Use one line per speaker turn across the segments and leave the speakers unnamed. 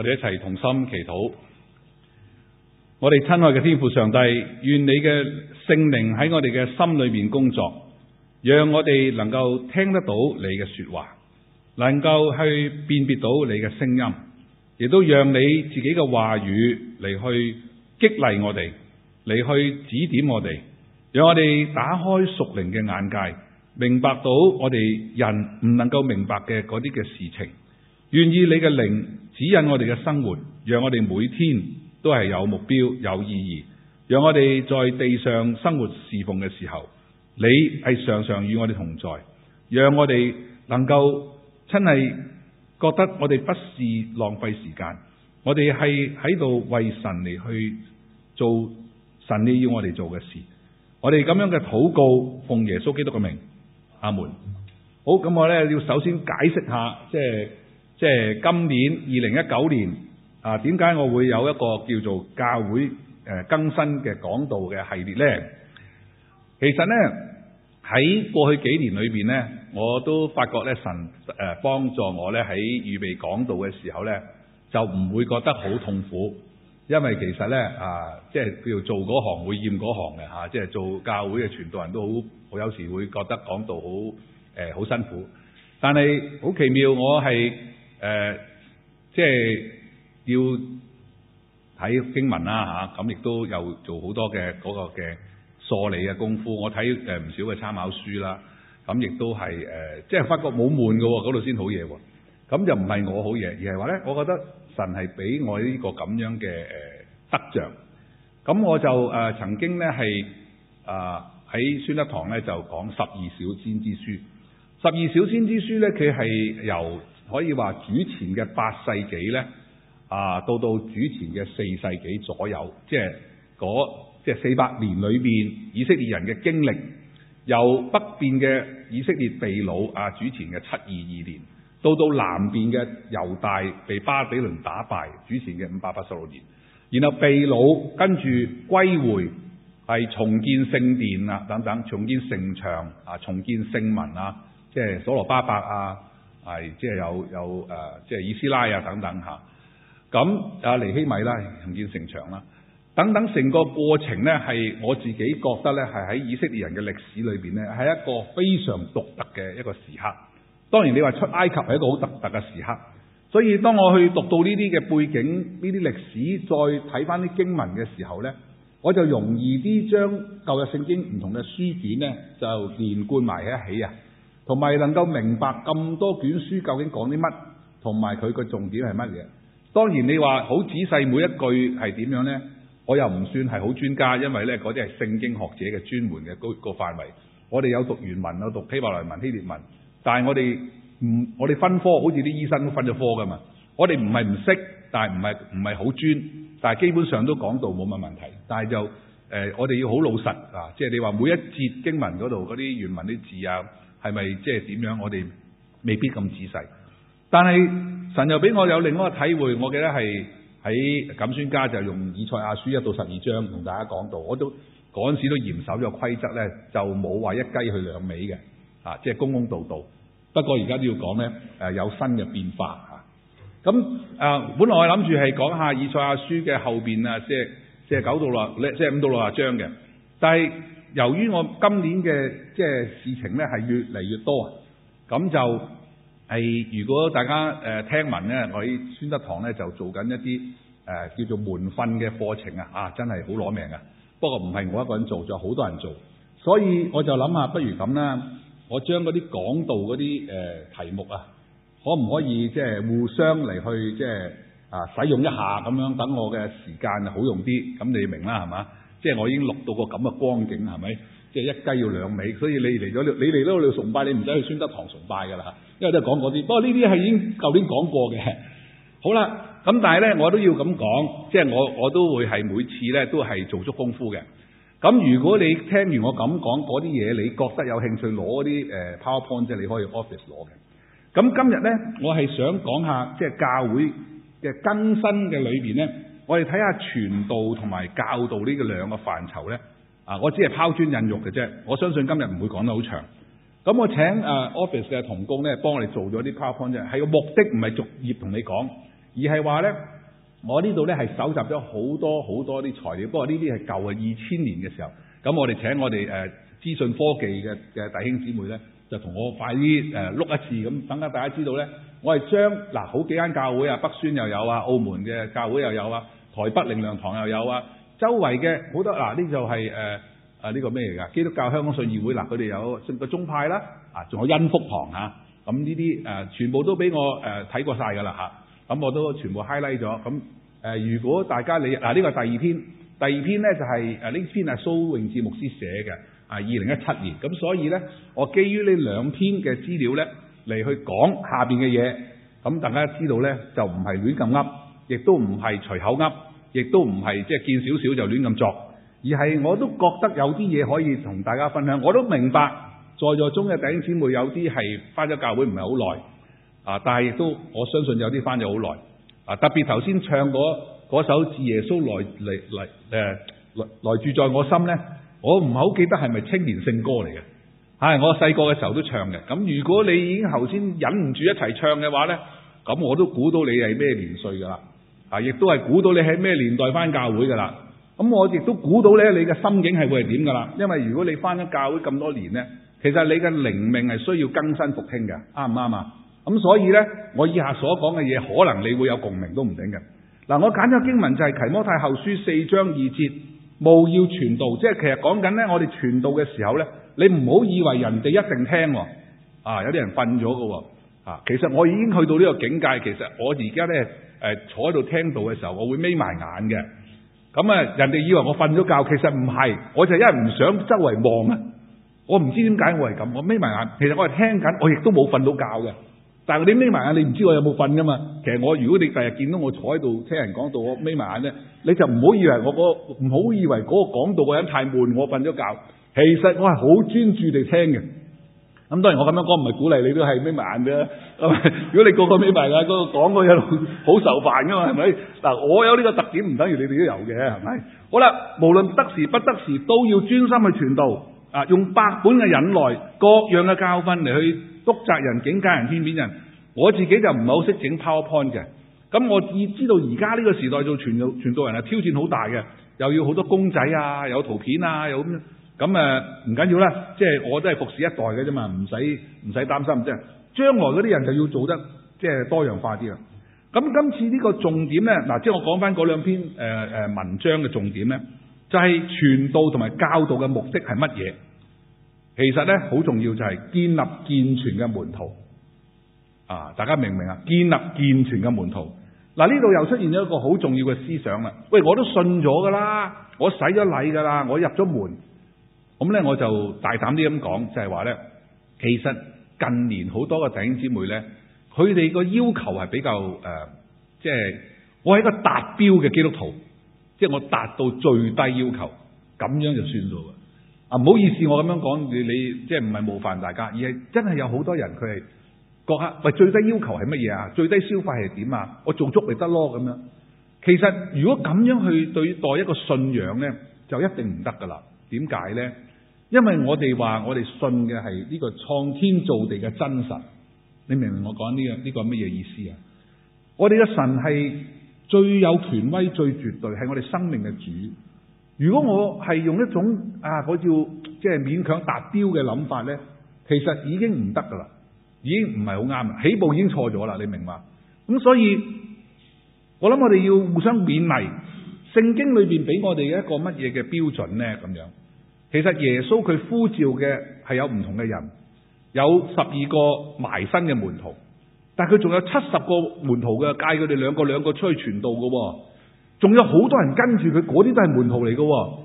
我哋一齊同心祈禱。我哋親愛嘅天父上帝，願你嘅聖靈喺我哋嘅心裏面工作，讓我哋能夠聽得到你嘅說話，能夠去辨別到你嘅聲音，亦都讓你自己嘅話語嚟去激勵我哋，嚟去指點我哋，讓我哋打開屬靈嘅眼界，明白到我哋人唔能夠明白嘅嗰啲嘅事情。願意你嘅靈指引我哋嘅生活，讓我哋每天都係有目標、有意義。讓我哋在地上生活侍奉嘅時候，你係常常與我哋同在。讓我哋能夠真係覺得我哋不是浪費時間，我哋係喺度為神嚟去做神你要我哋做嘅事。我哋咁樣嘅禱告，奉耶穌基督嘅名，阿門。好，咁我呢要首先解釋下，即係。即係今年二零一九年啊，點解我會有一個叫做教會更新嘅講道嘅系列呢？其實呢，喺過去幾年裏面呢，我都發覺神幫助我呢喺預備講道嘅時候呢，就唔會覺得好痛苦，因為其實呢，啊，即係叫做嗰行會厭嗰行嘅嚇，即係做教會嘅傳道人都好，我有時會覺得講道好、呃、好辛苦，但係好奇妙，我係。誒、呃，即係要睇經文啦，咁亦都有做好多嘅嗰、嗰個嘅梳理嘅功夫。我睇唔少嘅參考書啦，咁、啊、亦都係、呃、即係發覺冇悶㗎喎，嗰度先好嘢喎。咁就唔係我好嘢，而係話咧，我覺得神係俾我呢個咁樣嘅誒得著。咁我就、呃、曾經咧係喺宣德堂咧就講《十二小先知書》呢，《十二小先知書》咧佢係由。可以話主前嘅八世紀呢，啊，到到主前嘅四世紀左右，即係嗰即係四百年裏面，以色列人嘅經歷，由北邊嘅以色列被擄啊，主前嘅七二二年，到到南邊嘅猶大被巴比倫打敗，主前嘅五百八,八十六年，然後被擄跟住歸回係重建聖殿啊，等等，重建城牆，啊，重建聖民啊，即係所羅巴伯啊。係，即係有有誒、呃，即係以斯拉啊等等咁阿、啊、尼希米啦，重建城牆啦，等等，成個過程呢，係我自己覺得呢，係喺以色列人嘅歷史裏面呢，係一個非常獨特嘅一個時刻。當然你話出埃及係一個好獨特嘅時刻，所以當我去讀到呢啲嘅背景、呢啲歷史，再睇翻啲經文嘅時候呢，我就容易啲將舊約聖經唔同嘅書卷呢，就連貫埋喺一起啊。同埋能夠明白咁多卷書究竟講啲乜，同埋佢個重點係乜嘢？當然你話好仔細每一句係點樣呢？我又唔算係好專家，因為呢嗰啲係聖經學者嘅專門嘅個範圍。我哋有讀原文有讀希伯來文、希臘文，但係我哋唔我哋分科，好似啲醫生都分咗科噶嘛。我哋唔係唔識，但係唔係唔係好專，但係基本上都講到冇乜問題。但係就、呃、我哋要好老實啊，即係你話每一節經文嗰度嗰啲原文啲字啊。係咪即係點樣？我哋未必咁仔細，但係神又俾我有另外一個體會。我記得係喺錦宣家就用以賽亞書一到十二章同大家講到，我都嗰陣時都嚴守咗個規則咧，就冇話一雞去兩味嘅，啊，即係公公道道。不過而家都要講咧，誒、啊，有新嘅變化吓。咁、啊、誒、啊，本來我諗住係講下以賽亞書嘅後邊啊，即係即係四十九到六，即係五到六十章嘅，但係。由於我今年嘅即係事情咧係越嚟越多，咁就係如果大家誒聽聞咧，我喺宣德堂咧就做緊一啲誒叫做門訓嘅課程啊，啊真係好攞命啊！不過唔係我一個人做，仲有好多人做，所以我就諗下，不如咁啦，我將嗰啲講道嗰啲誒題目啊，可唔可以即係互相嚟去即係啊使用一下咁樣，等我嘅時間好用啲，咁你明啦，係嘛？即係我已經錄到個咁嘅光景，係咪？即係一雞要兩味，所以你嚟咗你嚟到，你崇拜，你唔使去宣德堂崇拜㗎啦嚇。因為都係講嗰啲，不過呢啲係已經舊年講過嘅。好啦，咁但係咧，我都要咁講，即係我我都會係每次咧都係做足功夫嘅。咁如果你聽完我咁講嗰啲嘢，你覺得有興趣攞啲誒、呃、PowerPoint 即係你可以 Office 攞嘅。咁今日咧，我係想講下即係教會嘅更新嘅裏邊咧。我哋睇下傳道同埋教導呢個兩個範疇呢，啊，我只係拋磚引玉嘅啫。我相信今日唔會講得好長。咁我請 office 嘅同工呢幫我哋做咗啲 PowerPoint，啫，係個目的唔係逐頁同你講，而係話呢，我呢度呢係搜集咗好多好多啲材料。不過呢啲係舊嘅，二千年嘅時候。咁我哋請我哋資訊科技嘅嘅弟兄姊妹呢，就同我快啲誒碌一次咁，等大家知道呢，我係將嗱好幾間教會啊，北宣又有啊，澳門嘅教會又有啊。台北靈糧堂又有啊，周圍嘅好多嗱，呢就係誒呢個咩嚟㗎？基督教香港信義會嗱，佢、呃、哋有成個宗派啦，啊，仲有恩福堂嚇，咁呢啲誒全部都俾我誒睇、呃、過曬㗎啦嚇，咁、啊、我都全部 highlight 咗，咁、啊、誒如果大家你嗱呢個第二篇，第二篇咧就係誒呢篇係蘇永智牧師寫嘅啊，二零一七年，咁、啊、所以咧我基於呢兩篇嘅資料咧嚟去講下面嘅嘢，咁、啊、大家知道咧就唔係亂咁噏。亦都唔係隨口噏，亦都唔係即係見少少就亂咁作，而係我都覺得有啲嘢可以同大家分享。我都明白在座中嘅弟兄姊妹有啲係翻咗教會唔係好耐啊，但係亦都我相信有啲翻咗好耐啊。特別頭先唱嗰首《主耶穌來嚟來，來，來，來住在我心》呢，我唔係好記得係咪青年聖歌嚟嘅。我細個嘅時候都唱嘅。咁如果你已經頭先忍唔住一齊唱嘅話呢，咁我都估到你係咩年歲㗎啦。嗱，亦都係估到你喺咩年代翻教會噶啦，咁我亦都估到咧，你嘅心境係會係點噶啦？因為如果你翻咗教會咁多年呢，其實你嘅靈命係需要更新復興嘅，啱唔啱啊？咁所以呢，我以下所講嘅嘢，可能你會有共鳴都唔定嘅。嗱，我揀咗經文就係《提摩太後書》四章二節，務要傳道，即係其實講緊呢，我哋傳道嘅時候呢，你唔好以為人哋一定聽，啊，有啲人瞓咗噶，啊，其實我已經去到呢個境界，其實我而家呢。誒，坐喺度聽道嘅時候，我會眯埋眼嘅。咁啊，人哋以為我瞓咗覺，其實唔係，我就因為唔想周圍望啊。我唔知點解我係咁，我眯埋眼。其實我係聽緊，我亦都冇瞓到覺嘅。但係你眯埋眼，你唔知我有冇瞓噶嘛？其實我，如果你第日見到我坐喺度聽人講道我眯埋眼咧，你就唔好以為我嗰唔好以為嗰個講道嘅人太悶，我瞓咗覺。其實我係好專注地聽嘅。咁當然我咁樣講唔係鼓勵你，你都係眯埋眼嘅。 如果你個個尾埋架，個個講嗰樣好受煩㗎嘛？係咪？嗱，我有呢個特點唔等於你哋都有嘅，係咪？好啦，無論得時不得時，都要專心去傳道。啊，用百般嘅忍耐、各樣嘅教訓嚟去督責人、警戒人、勸勉人。我自己就唔係好識整 PowerPoint 嘅。咁我已知道而家呢個時代做傳道傳道人係挑戰好大嘅，又要好多公仔啊，有圖片啊，有咁。咁誒唔緊要啦，即係我都係服侍一代嘅啫嘛，唔使唔使擔心啫。將來嗰啲人就要做得即係多樣化啲啦。咁今次呢個重點呢，嗱，即係我講翻嗰兩篇誒誒文章嘅重點呢，就係傳道同埋教導嘅目的係乜嘢？其實呢，好重要就係建立健全嘅門徒啊！大家明唔明啊？建立健全嘅門徒嗱，呢度又出現咗一個好重要嘅思想啦。喂，我都信咗㗎啦，我洗咗禮㗎啦，我入咗門，咁呢，我就大膽啲咁講，就係話呢，其實。近年好多個弟兄姊妹呢，佢哋個要求係比較誒，即係我係一個達標嘅基督徒，即係我達到最低要求，咁樣就算到㗎。啊，唔好意思，我咁樣講你，你即係唔係冒犯大家，而係真係有好多人佢係覺得，喂，最低要求係乜嘢啊？最低消費係點啊？我做足咪得咯，咁樣。其實如果咁樣去對待一個信仰呢，就一定唔得㗎啦。點解呢？因為我哋話我哋信嘅係呢個創天造地嘅真神，你明唔明我講呢個呢個乜嘢意思啊？我哋嘅神係最有權威、最絕對，係我哋生命嘅主。如果我係用一種啊嗰叫即係、就是、勉強達標嘅諗法呢，其實已經唔得噶啦，已經唔係好啱啦，起步已經錯咗啦。你明嘛？咁所以，我諗我哋要互相勉勵。聖經裏邊俾我哋一個乜嘢嘅標準呢？咁樣。其實耶穌佢呼召嘅係有唔同嘅人，有十二個埋身嘅門徒，但係佢仲有七十個門徒嘅，介佢哋兩個兩個出去傳道嘅，仲有好多人跟住佢，嗰啲都係門徒嚟嘅。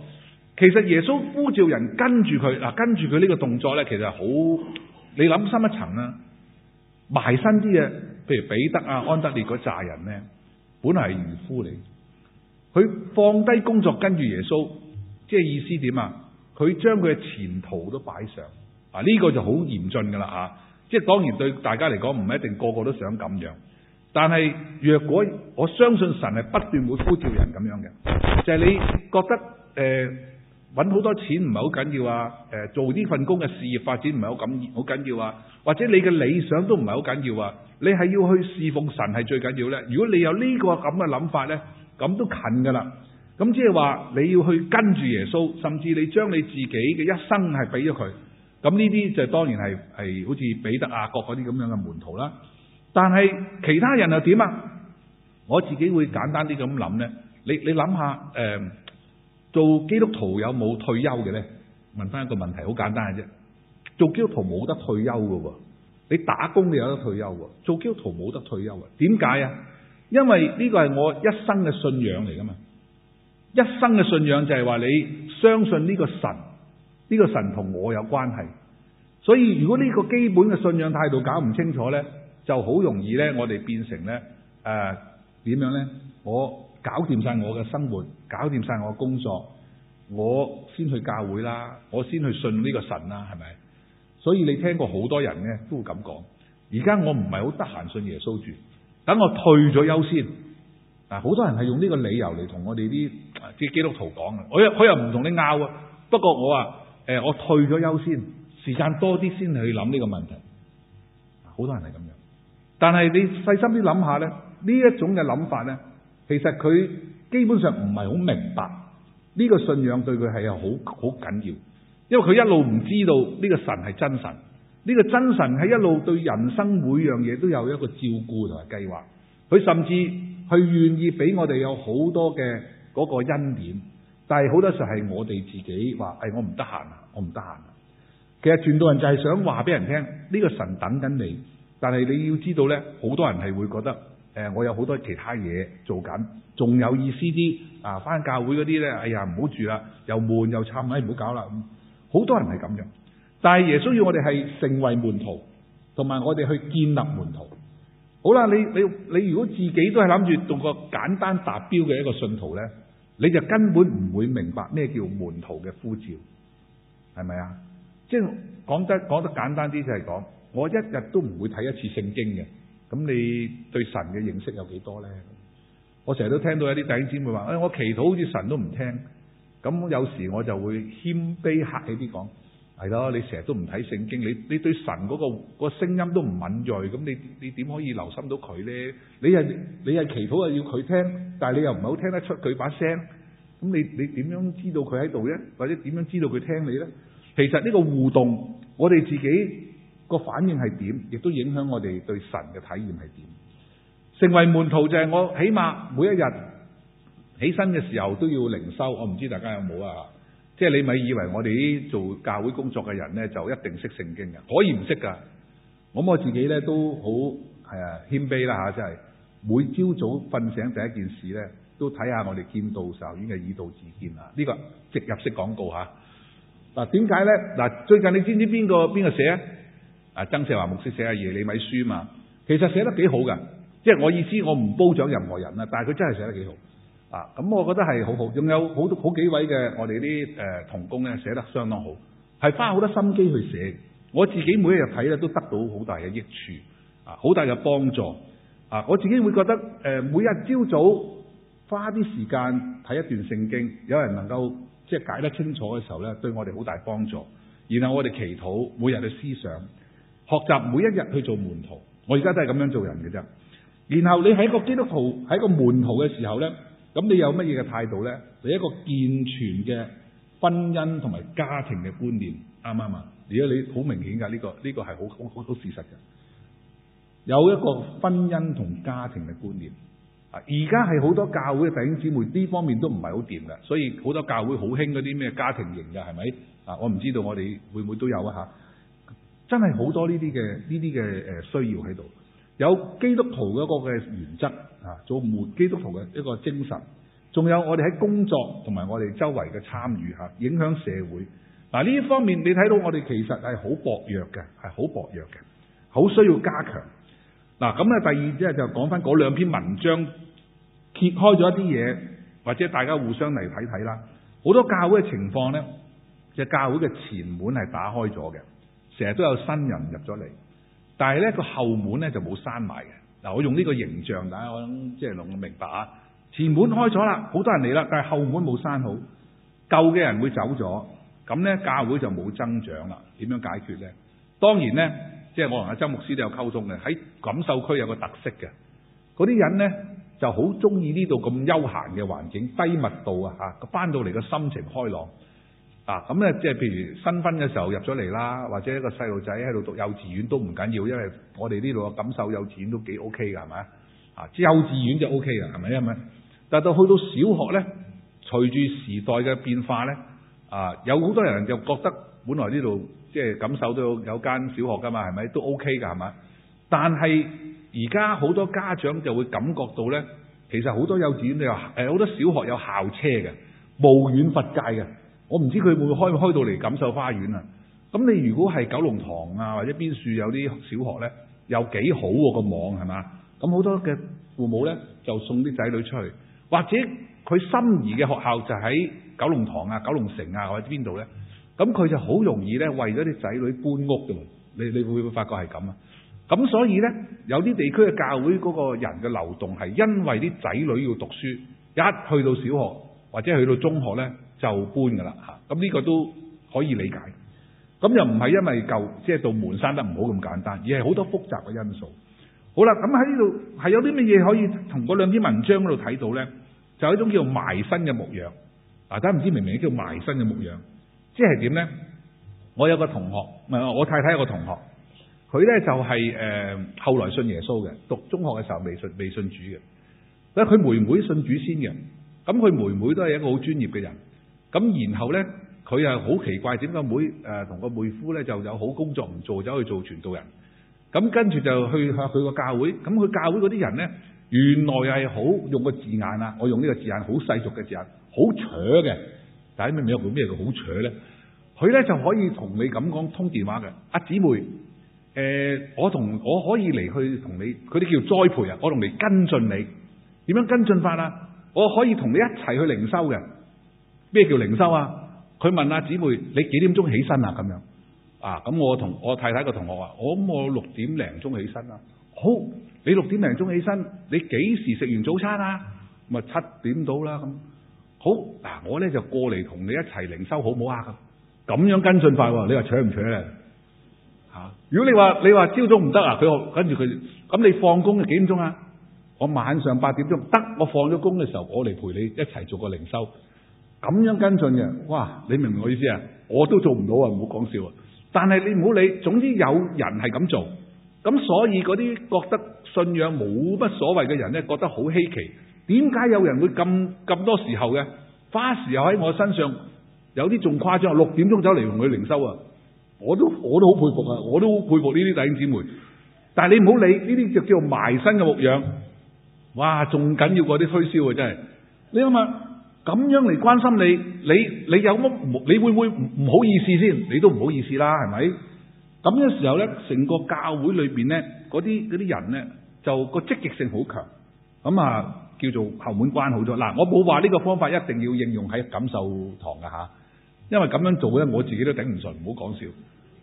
其實耶穌呼召人跟住佢嗱，跟住佢呢個動作咧，其實好你諗深一層啦，埋身啲嘢，譬如彼得啊、安德烈嗰扎人咧，本來係漁夫嚟，佢放低工作跟住耶穌，即係意思點啊？佢將佢嘅前途都擺上啊！呢個就好嚴峻㗎啦嚇，即係當然對大家嚟講唔係一定個個都想咁樣，但係若果我相信神係不斷會呼召人咁樣嘅，就係你覺得誒揾好多錢唔係好緊要啊，誒做呢份工嘅事業發展唔係好緊好緊要啊，或者你嘅理想都唔係好緊要啊，你係要去侍奉神係最緊要咧。如果你有呢個咁嘅諗法咧，咁都近㗎啦。咁即係話你要去跟住耶穌，甚至你將你自己嘅一生係俾咗佢。咁呢啲就當然係好似彼得、雅各嗰啲咁樣嘅門徒啦。但係其他人又點啊？我自己會簡單啲咁諗呢。你你諗下誒，呃，做基督徒有冇退休嘅呢？問翻一個問題，好簡單嘅啫。做基督徒冇得退休㗎喎，你打工你有得退休喎。做基督徒冇得退休啊？點解啊？因為呢個係我一生嘅信仰嚟㗎嘛。一生嘅信仰就係話你相信呢個神，呢個神同我有關係。所以如果呢個基本嘅信仰態度搞唔清楚咧，就好容易咧，我哋變成咧誒點樣咧？我搞掂晒我嘅生活，搞掂晒我嘅工作，我先去教會啦，我先去信呢個神啦，係咪？所以你聽過好多人咧都咁講。而家我唔係好得閒信耶穌住，等我退咗休先。嗱，好多人係用呢個理由嚟同我哋啲即係基督徒講嘅，我又佢又唔同你拗啊。不過我話誒，我退咗休先，時間多啲先去諗呢個問題。好多人係咁樣，但係你細心啲諗下咧，呢一種嘅諗法咧，其實佢基本上唔係好明白呢個信仰對佢係啊好好緊要，因為佢一路唔知道呢個神係真神，呢個真神係一路對人生每樣嘢都有一個照顧同埋計劃，佢甚至，佢願意俾我哋有好多嘅嗰個恩典，但係好多時係我哋自己話，誒，我唔得閒啊，我唔得閒啊。其實傳道人就係想話俾人聽，呢個神等緊你，但係你要知道呢，好多人係會覺得，誒，我有好多其他嘢做緊，仲有意思啲啊！翻教會嗰啲呢，哎呀，唔好住啦，又悶又慘，唉，唔好搞啦。好多人係咁樣，但係耶穌要我哋係成為門徒，同埋我哋去建立門徒。好啦，你你你如果自己都係諗住做個簡單達標嘅一個信徒咧，你就根本唔會明白咩叫門徒嘅呼召，係咪啊？即係講得講得簡單啲就係講，我一日都唔會睇一次聖經嘅，咁你對神嘅認識有幾多咧？我成日都聽到一啲弟兄姊妹話，誒、哎，我祈禱好似神都唔聽，咁有時我就會謙卑客氣啲講。係咯，你成日都唔睇聖經，你你對神嗰個聲音都唔敏銳。咁你你點可以留心到佢呢？你係你係祈禱啊，要佢聽，但係你又唔係好聽得出佢把聲，咁你你點樣知道佢喺度呢？或者點樣知道佢聽你呢？其實呢個互動，我哋自己個反應係點，亦都影響我哋對神嘅體驗係點。成為門徒就係我起碼每一日起身嘅時候都要靈修，我唔知大家有冇啊？即係你咪以為我哋做教會工作嘅人咧，就一定識聖經嘅，可以唔識㗎？我我自己咧都好係啊謙卑啦吓，即、啊、係每朝早瞓醒第一件事咧，都睇下我哋建道神學院嘅以道自見啊！呢、這個植入式廣告吓，嗱點解咧？嗱、啊啊、最近你知唔知邊個邊個寫啊？啊曾世華牧師寫嘅《耶利米書》嘛，其實寫得幾好㗎。即係我意思，我唔褒獎任何人啊，但係佢真係寫得幾好。啊！咁、嗯、我覺得係好好，仲有好多好幾位嘅我哋啲同工咧，寫得相當好，係花好多心機去寫。我自己每一日睇咧，都得到好大嘅益處，啊，好大嘅幫助。啊，我自己會覺得、呃、每日朝早花啲時間睇一段聖經，有人能夠即係解得清楚嘅時候咧，對我哋好大幫助。然後我哋祈禱，每日嘅思想，學習每一日去做門徒。我而家都係咁樣做人嘅啫。然後你喺個基督徒喺個門徒嘅時候咧。咁你有乜嘢嘅態度呢？你一個健全嘅婚姻同埋家庭嘅觀念啱唔啱啊？如果你好明顯㗎，呢個呢個係好好好多事實嘅。有一個婚姻同家庭嘅觀念啊！而家係好多教會嘅弟兄姊妹呢方面都唔係好掂㗎，所以好多教會好興嗰啲咩家庭型㗎，係咪啊？我唔知道我哋會唔會都有啊？嚇！真係好多呢啲嘅呢啲嘅誒需要喺度。有基督徒嗰個嘅原則啊，做每基督徒嘅一個精神，仲有我哋喺工作同埋我哋周圍嘅參與嚇，影響社會。嗱，呢方面你睇到我哋其實係好薄弱嘅，係好薄弱嘅，好需要加強。嗱咁咧，第二啲咧就講返嗰兩篇文章揭開咗一啲嘢，或者大家互相嚟睇睇啦。好多教會嘅情況呢，就教會嘅前門係打開咗嘅，成日都有新人入咗嚟。但係咧個後門咧就冇閂埋嘅。嗱，我用呢個形象大家即係弄到明白啊，前門開咗啦，好多人嚟啦，但係後門冇閂好，舊嘅人會走咗，咁咧教會就冇增長啦。點樣解決咧？當然咧，即係我同阿周牧師都有溝通嘅，喺錦繡區有個特色嘅，嗰啲人咧就好中意呢度咁悠閒嘅環境，低密度啊嚇，翻到嚟個心情開朗。啊咁咧，即係譬如新婚嘅時候入咗嚟啦，或者一個細路仔喺度讀幼稚園都唔緊要，因為我哋呢度嘅錦繡幼稚園都幾 O K 㗎。係咪啊？啊，幼稚園就 O K 嘅，係咪咁咧？但到去到小學咧，隨住時代嘅變化咧，啊，有好多人就覺得本來呢度即係錦繡都有間小學噶嘛，係咪都 O K 㗎，係咪？但係而家好多家長就會感覺到咧，其實好多幼稚園都有好多小學有校車嘅，無遠弗屆嘅。我唔知佢會唔會開，開到嚟錦繡花園啊！咁你如果係九龍塘啊，或者邊處有啲小學呢，又幾好喎，個網係嘛？咁好多嘅父母呢，就送啲仔女出去，或者佢心儀嘅學校就喺九龍塘啊、九龍城啊，或者邊度呢。咁佢就好容易呢，為咗啲仔女搬屋嘅，你你會唔會發覺係咁啊？咁所以呢，有啲地區嘅教會嗰個人嘅流動係因為啲仔女要讀書，一去到小學或者去到中學呢。就搬噶啦吓，咁呢個都可以理解。咁又唔係因為舊即係道門生得唔好咁簡單，而係好多複雜嘅因素。好啦，咁喺呢度係有啲乜嘢可以同嗰兩篇文章嗰度睇到咧？就係、是、一種叫做埋身嘅牧養，大家唔知明唔明叫埋身嘅牧養，即係點咧？我有個同學唔係我太太有個同學，佢咧就係、是、誒、呃、後來信耶穌嘅，讀中學嘅時候未信未信主嘅。咧佢妹妹信主先嘅，咁佢妹妹都係一個好專業嘅人。咁然後呢，佢又好奇怪，點解妹同個妹夫呢就有好工作唔做，走去做傳道人？咁跟住就去向佢個教會。咁佢教會嗰啲人呢，原來係好用個字眼啊！我用呢個字眼，好世俗嘅字眼，好扯嘅。但係明唔明咩叫好扯呢？佢呢就可以同你咁講通電話嘅。阿姊妹，誒、呃、我同我可以嚟去同你，佢哋叫栽培，我同你跟進你。點樣跟進法啊？我可以同你一齊去靈修嘅。咩叫靈修啊？佢問阿姊妹：你幾點鐘起身啊？咁樣啊？咁我同我太太個同學話：我、嗯、我六點零鐘起身啊。好，你六點零鐘起身，你幾時食完早餐啊？咪、嗯、啊七點到啦咁。好嗱、啊，我咧就過嚟同你一齊靈修好，好唔好啊？咁樣跟進快喎，你話扯唔扯咧？吓、啊，如果你話你話朝早唔得啊，佢跟住佢咁你放工幾點鐘啊？我晚上八點鐘得，我放咗工嘅時候，我嚟陪你一齊做個靈修。咁樣跟進嘅，哇！你明唔明我意思啊？我都做唔到啊！唔好講笑啊！但係你唔好理，總之有人係咁做，咁所以嗰啲覺得信仰冇乜所謂嘅人呢，覺得好稀奇。點解有人會咁咁多時候嘅花時候喺我身上？有啲仲誇張，六點鐘走嚟，同佢靈修啊！我都我都好佩服啊！我都好佩服呢啲弟兄姊妹。但係你唔好理呢啲，就叫做埋身嘅牧養。哇！仲緊要過啲推銷啊！真係，你諗下。咁樣嚟關心你，你你有乜？你會唔會唔好意思先？你都唔好意思啦，係咪？咁嘅時候呢，成個教會裏面呢，嗰啲嗰啲人呢，就個積極性好強。咁啊，叫做後門關好咗。嗱，我冇話呢個方法一定要應用喺錦繡堂㗎嚇，因為咁樣做呢，我自己都頂唔順，唔好講笑。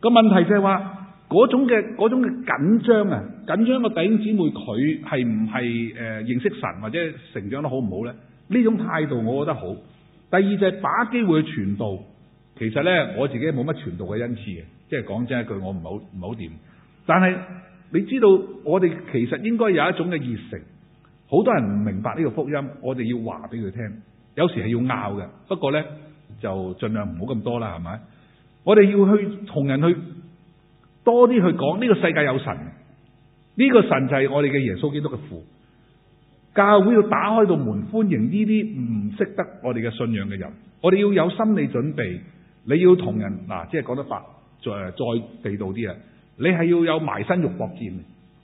個問題就係話嗰種嘅嗰種嘅緊張啊，緊張個弟兄姊妹佢係唔係誒認識神或者成長得好唔好呢？呢種態度我覺得好。第二就係把握機會去傳道。其實呢，我自己冇乜傳道嘅恩賜嘅，即係講真一句，我唔好唔好掂。但係你知道，我哋其實應該有一種嘅熱誠。好多人唔明白呢個福音，我哋要話俾佢聽。有時係要拗嘅，不過呢，就盡量唔好咁多啦，係咪？我哋要去同人去多啲去講，呢個世界有神，呢個神就係我哋嘅耶穌基督嘅父。教會要打開道門，歡迎呢啲唔識得我哋嘅信仰嘅人。我哋要有心理準備，你要同人嗱，即係講得白，再再地道啲啊！你係要有埋身肉搏戰。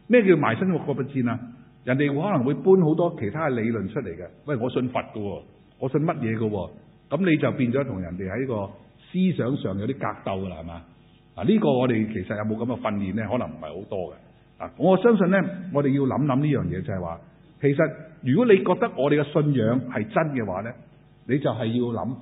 咩叫埋身肉搏戰啊？人哋可能會搬好多其他嘅理論出嚟嘅。喂，我信佛噶，我信乜嘢噶？咁你就變咗同人哋喺個思想上有啲格鬥噶啦，係嘛？啊，呢個我哋其實有冇咁嘅訓練呢？可能唔係好多嘅。啊，我相信呢，我哋要諗諗呢樣嘢，就係話。其實，如果你覺得我哋嘅信仰係真嘅話呢，你就係要諗，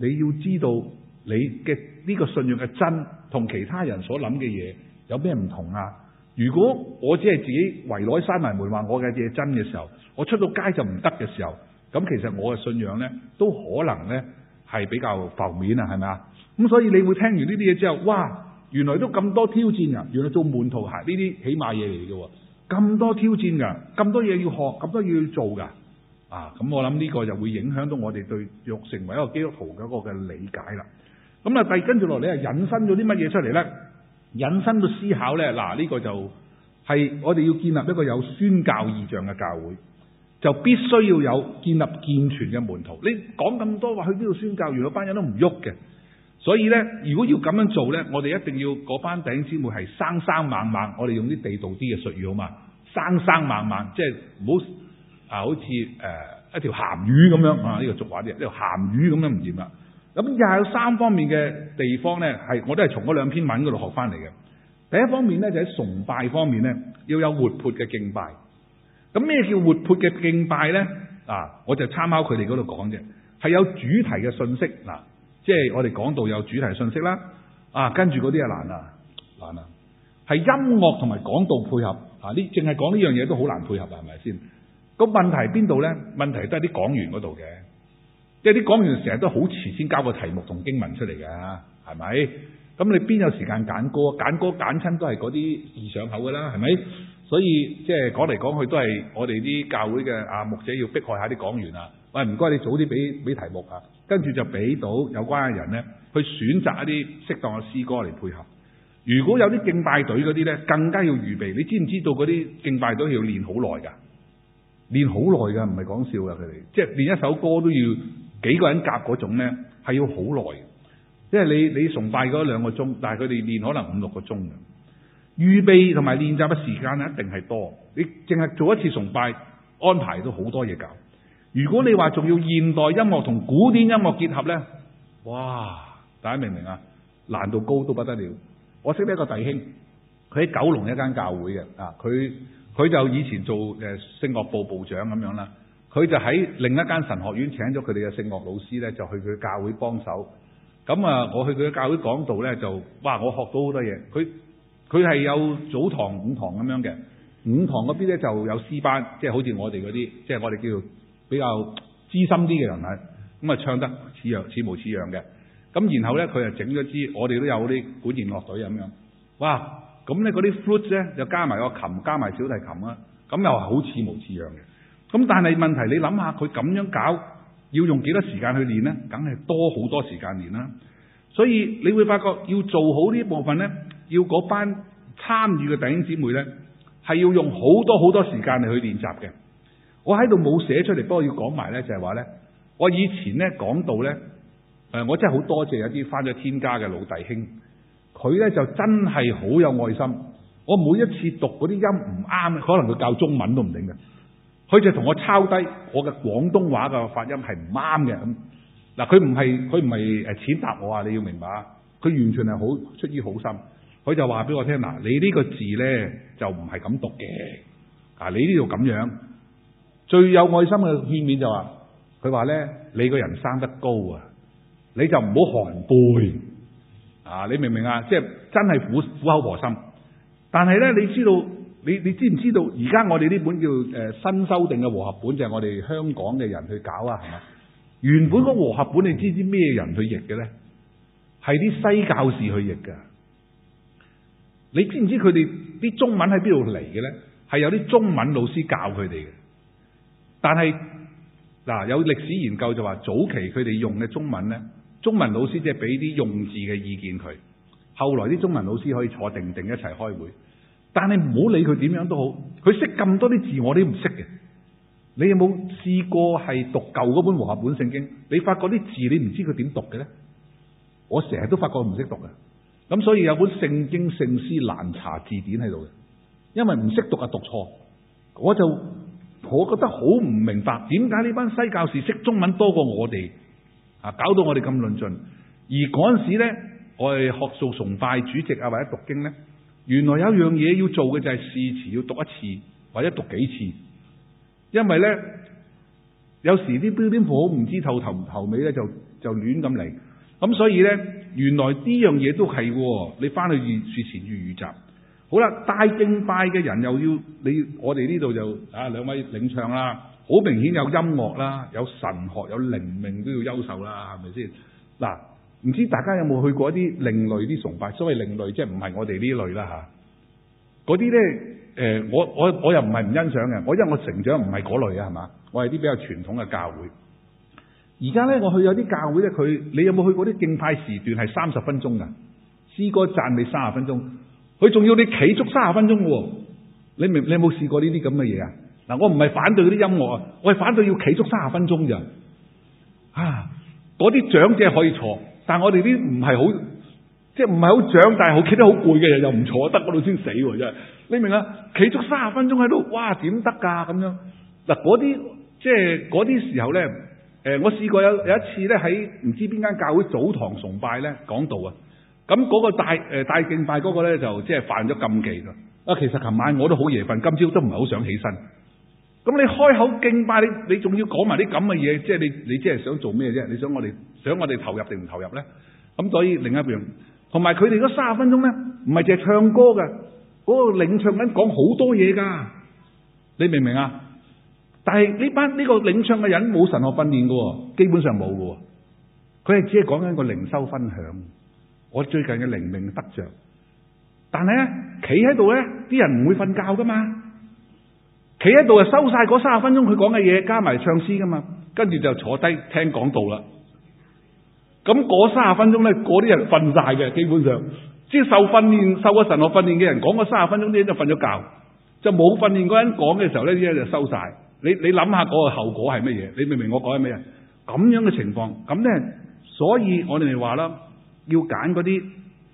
你要知道你嘅呢個信仰係真，同其他人所諗嘅嘢有咩唔同啊？如果我只係自己圍內，閂埋門話我嘅嘢真嘅時候，我出到街就唔得嘅時候，咁其實我嘅信仰呢都可能呢係比較浮面啊，係咪啊？咁所以你會聽完呢啲嘢之後，哇！原來都咁多挑戰啊！原來做門徒係呢啲起碼嘢嚟嘅喎。咁多挑戰㗎，咁多嘢要學，咁多嘢要做㗎啊！咁我諗呢個就會影響到我哋對欲成為一個基督徒嘅一個嘅理解啦。咁啊，第跟住落嚟啊，引申咗啲乜嘢出嚟呢？引申嘅思考呢，嗱、這、呢個就係我哋要建立一個有宣教異象嘅教會，就必須要有建立健全嘅門徒。你講咁多話去邊度宣教，如果班人都唔喐嘅。所以咧，如果要咁樣做咧，我哋一定要嗰班弟兄姊妹係生生猛猛。我哋用啲地道啲嘅術語好嘛，生生猛猛，即係唔好啊，好似誒一條鹹魚咁樣啊！呢個俗話啲，一條鹹魚咁樣唔掂啦。咁又係有三方面嘅地方咧，係我都係從嗰兩篇文嗰度學翻嚟嘅。第一方面咧就喺崇拜方面咧，要有活潑嘅敬拜。咁咩叫活潑嘅敬拜咧？啊，我就參考佢哋嗰度講啫，係有主題嘅信息嗱。即係我哋講道有主題信息啦，啊跟住嗰啲啊難啊難啊，係音樂同埋講道配合啊呢，淨係講呢樣嘢都好難配合啊，係咪先？個問題邊度呢？問題都係啲講員嗰度嘅，即係啲講員成日都好遲先交個題目同經文出嚟嘅，係咪？咁你邊有時間揀歌？揀歌揀親都係嗰啲易上口嘅啦，係咪？所以即係講嚟講去都係我哋啲教會嘅啊牧者要逼害下啲講員啊，喂唔該你早啲俾俾題目啊！跟住就俾到有關嘅人呢，去選擇一啲適當嘅詩歌嚟配合。如果有啲敬拜隊嗰啲呢，更加要預備。你知唔知道嗰啲敬拜隊要練好耐㗎？練好耐㗎，唔係講笑㗎，佢哋即係練一首歌都要幾個人夾嗰種呢，係要好耐。即係你你崇拜嗰兩個鐘，但係佢哋練可能五六個鐘㗎。預備同埋練習嘅時間一定係多。你淨係做一次崇拜，安排都好多嘢搞。如果你話仲要現代音樂同古典音樂結合呢？哇！大家明唔明啊？難度高到不得了。我識一個弟兄，佢喺九龍一間教會嘅啊，佢佢就以前做誒、呃、聖樂部部長咁樣啦。佢就喺另一間神學院請咗佢哋嘅聖樂老師呢，就去佢教會幫手。咁啊，我去佢嘅教會講道呢，就哇！我學到好多嘢。佢佢係有早堂五堂咁樣嘅，五堂嗰邊呢，就有詩班，即係好似我哋嗰啲，即係我哋叫做。比較資深啲嘅人係，咁啊唱得似樣似模似樣嘅。咁然後呢，佢又整咗支，我哋都有嗰啲管弦樂隊咁樣。哇！咁呢嗰啲 flutes 呢，又加埋個琴，加埋小提琴啦。咁又係好似模似樣嘅。咁但係問題，你諗下佢咁樣搞，要用幾多時間去練呢？梗係多好多時間練啦。所以你會發覺要做好呢部分呢，要嗰班參與嘅弟兄姊妹呢，係要用好多好多時間嚟去練習嘅。我喺度冇寫出嚟，不過要講埋咧，就係話咧，我以前咧講到咧，誒，我真係好多謝一啲返咗天家嘅老弟兄，佢咧就真係好有愛心。我每一次讀嗰啲音唔啱，可能佢教中文都唔定嘅，佢就同我抄低我嘅廣東話嘅發音係唔啱嘅咁。嗱，佢唔係佢唔係誒踐踏我啊！你要明白，佢完全係好出於好心。佢就話俾我聽：嗱，你呢個字咧就唔係咁讀嘅，你呢度咁樣。最有愛心嘅勸勉就話、是：佢話咧，你個人生得高啊，你就唔好寒背啊！你明唔明啊？即係真係苦苦口婆心。但係咧，你知道你你知唔知道？而家我哋呢本叫誒、呃、新修訂嘅和合本，就係我哋香港嘅人去搞啊，係嘛？原本嗰和合本，你知唔知咩人去譯嘅咧？係啲西教士去譯嘅。你知唔知佢哋啲中文喺邊度嚟嘅咧？係有啲中文老師教佢哋嘅。但係嗱，啊，有歷史研究就話，早期佢哋用嘅中文呢，中文老師即係俾啲用字嘅意見佢。後來啲中文老師可以坐定定一齊開會，但係唔好理佢點樣都好，佢識咁多啲字，我都唔識嘅。你有冇試過係讀舊嗰本和合本聖經？你發覺啲字你唔知佢點讀嘅呢？我成日都發覺唔識讀嘅，咁所以有本聖經聖詩難查字典喺度嘅，因為唔識讀啊讀錯，我就。我覺得好唔明白，點解呢班西教士識中文多過我哋啊？搞到我哋咁論盡。而嗰陣時呢，我哋學做崇拜主席啊，或者讀經呢，原來有一樣嘢要做嘅就係事前要讀一次或者讀幾次，因為呢，有時啲標點符號唔知頭頭，頭尾呢，就就亂咁嚟。咁所以呢，原來呢樣嘢都係，你翻去粵說前粵語集。好啦，大敬拜嘅人又要你，我哋呢度就啊，兩位領唱啦，好明顯有音樂啦，有神學，有靈命都要優秀啦，係咪先？嗱、啊，唔知大家有冇去過一啲另類啲崇拜？所謂另類，即係唔係我哋呢類啦嗰啲、啊、呢，呃、我我我又唔係唔欣賞嘅，我因為我成長唔係嗰類啊，係嘛？我係啲比較傳統嘅教會。而家呢，我去有啲教會呢，佢你有冇去過啲敬拜時段係三十分鐘嘅？詩歌讚你三十分鐘。佢仲要你企足三十分鐘喎。你明？你有冇試過呢啲咁嘅嘢啊？嗱，我唔係反對嗰啲音樂啊，我係反對要企足三十分鐘就啊，嗰啲長者可以坐，但係我哋啲唔係好，即係唔係好長，但係企得好攰嘅人又唔坐，得嗰度先死喎。你明啊？企足三十分鐘喺度，哇，點得噶咁樣？嗱，嗰啲即係嗰啲時候咧，誒，我試過有有一次咧，喺唔知邊間教會早堂崇拜咧，講道啊。咁嗰個大、呃、大敬拜嗰個咧，就即係犯咗禁忌啦。啊，其實琴晚我都好夜瞓，今朝都唔係好想起身。咁你開口敬拜，你你仲要講埋啲咁嘅嘢，即係你你即係想做咩啫？你想我哋想我哋投入定唔投入咧？咁所以另一樣，同埋佢哋嗰三十分鐘咧，唔係淨係唱歌㗎。嗰個領唱緊講好多嘢噶，你明唔明啊？但係呢班呢個領唱嘅人冇神學訓練㗎喎，基本上冇嘅喎，佢係只係講緊個靈修分享。我最近嘅靈命得着，但係咧，企喺度咧，啲人唔會瞓覺噶嘛。企喺度就收晒嗰三十分鐘佢講嘅嘢，加埋唱詩噶嘛，跟住就坐低聽講道啦。咁嗰三十分鐘咧，嗰啲人瞓晒嘅，基本上即係、就是、受訓練、受個神學訓練嘅人講嗰三十分鐘啲人就瞓咗覺，就冇訓練嗰人講嘅時候咧，啲嘢就收晒。你你諗下嗰個後果係乜嘢？你明唔明我講咩嘢？咁樣嘅情況，咁咧，所以我哋咪話啦。要揀嗰啲音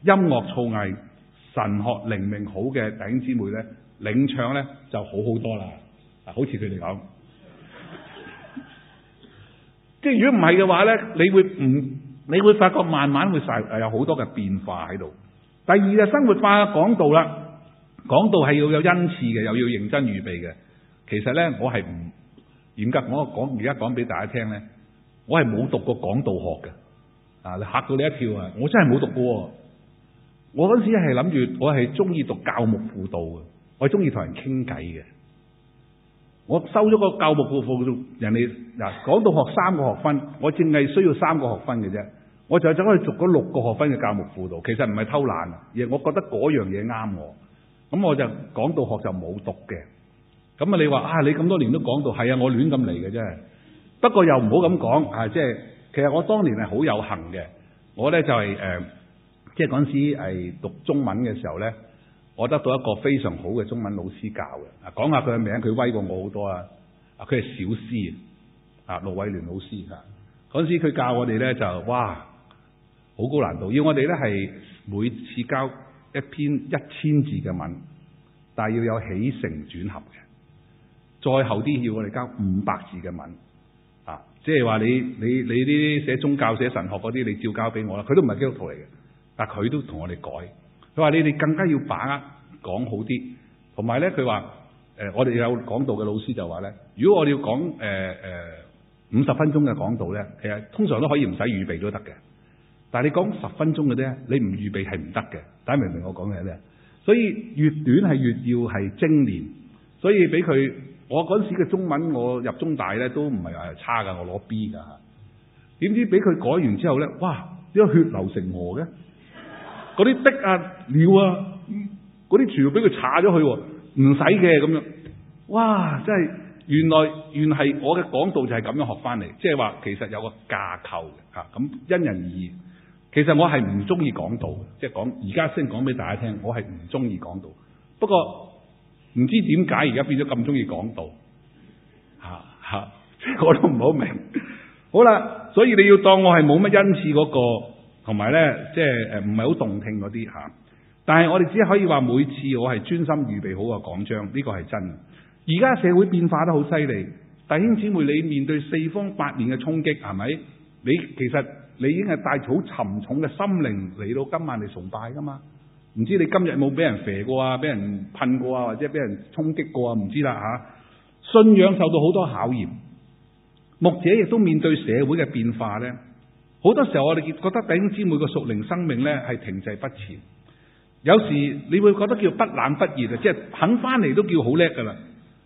樂造詣、神學靈命好嘅弟兄姊妹咧，領唱咧就好好多啦。嗱，好似佢哋咁，即係 如果唔係嘅話咧，你會唔？你會發覺慢慢會曬，有好多嘅變化喺度。第二啊，生活化講道啦，講道係要有恩賜嘅，又要認真預備嘅。其實咧，我係唔嚴格我講，而家講俾大家聽咧，我係冇讀過講道學嘅。啊！你嚇到你一跳啊！我真係冇讀過。我嗰陣時係諗住，我係中意讀教牧輔導嘅，我係中意同人傾偈嘅。我收咗個教牧輔導，人哋嗱講到學三個學分，我淨係需要三個學分嘅啫。我就走去讀咗六個學分嘅教牧輔導，其實唔係偷懶，而我覺得嗰樣嘢啱我。咁我就講到學就冇讀嘅。咁啊，你話啊，你咁多年都講到係啊，我亂咁嚟嘅啫。不過又唔好咁講啊，即係。其實我當年係好有幸嘅，我咧就係誒，即係嗰陣時係讀中文嘅時候咧，我得到一個非常好嘅中文老師教嘅。啊，講下佢嘅名，佢威過我好多啊！啊，佢係小思啊，盧瑋鑾老師啊。嗰陣時佢教我哋咧就哇，好高難度，要我哋咧係每次交一篇一千字嘅文，但係要有起承轉合嘅。再後啲要我哋交五百字嘅文。即係話你你你啲寫宗教寫神學嗰啲，你照交俾我啦。佢都唔係基督徒嚟嘅，但佢都同我哋改。佢話你哋更加要把握講好啲。同埋咧，佢話誒我哋有講道嘅老師就話咧，如果我哋要講誒誒五十分鐘嘅講道咧，其實通常都可以唔使預備都得嘅。但係你講十分鐘嘅啲咧，你唔預備係唔得嘅。大家明唔明我講嘅係咩？所以越短係越要係精練，所以俾佢。我嗰陣時嘅中文，我入中大咧都唔係話差㗎，我攞 B 㗎。點知俾佢改完之後咧，哇！點解血流成河嘅？嗰啲的啊、尿啊，嗰啲全部俾佢擦咗去，唔使嘅咁樣。哇！真係原來原係我嘅講道就係咁樣學翻嚟，即係話其實有個架構吓，咁、啊、因人而異。其實我係唔中意講道嘅，即係講而家先講俾大家聽，我係唔中意講道。不過，唔知點解而家變咗咁中意講道，嚇嚇，我都唔好明。好啦，所以你要當我係冇乜恩賜嗰個，同埋咧，即係誒唔係好動聽嗰啲嚇。但係我哋只可以話每次我係專心預備好個講章，呢個係真。而家社會變化得好犀利，弟兄姊妹，你面對四方八面嘅衝擊，係咪？你其實你已經係帶住好沉重嘅心靈嚟到今晚嚟崇拜噶嘛？唔知你今日有冇俾人肥過啊，俾人噴過啊，或者俾人衝擊過啊？唔知啦吓。信仰受到好多考驗，牧者亦都面對社會嘅變化咧。好多時候我哋覺得弟兄姊妹嘅屬靈生命咧係停滯不前，有時你會覺得叫不冷不熱啊，即係肯翻嚟都叫好叻噶啦。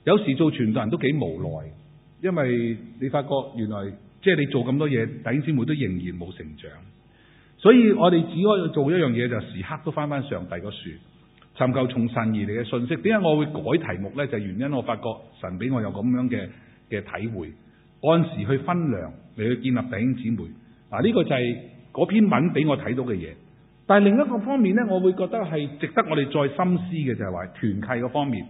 有時做傳道人都幾無奈，因為你發覺原來即係你做咁多嘢，弟兄姊妹都仍然冇成長。所以我哋只可以做一樣嘢，就係、時刻都翻翻上帝個樹，尋求從神而嚟嘅信息。點解我會改題目呢？就係、係、原因，我發覺神俾我有咁樣嘅嘅體會，按時去分糧嚟去建立弟兄姊妹。嗱、啊、呢、呢個就係嗰篇文俾我睇到嘅嘢。但係另一個方面呢，我會覺得係值得我哋再深思嘅，就係、係、話團契嗰方面。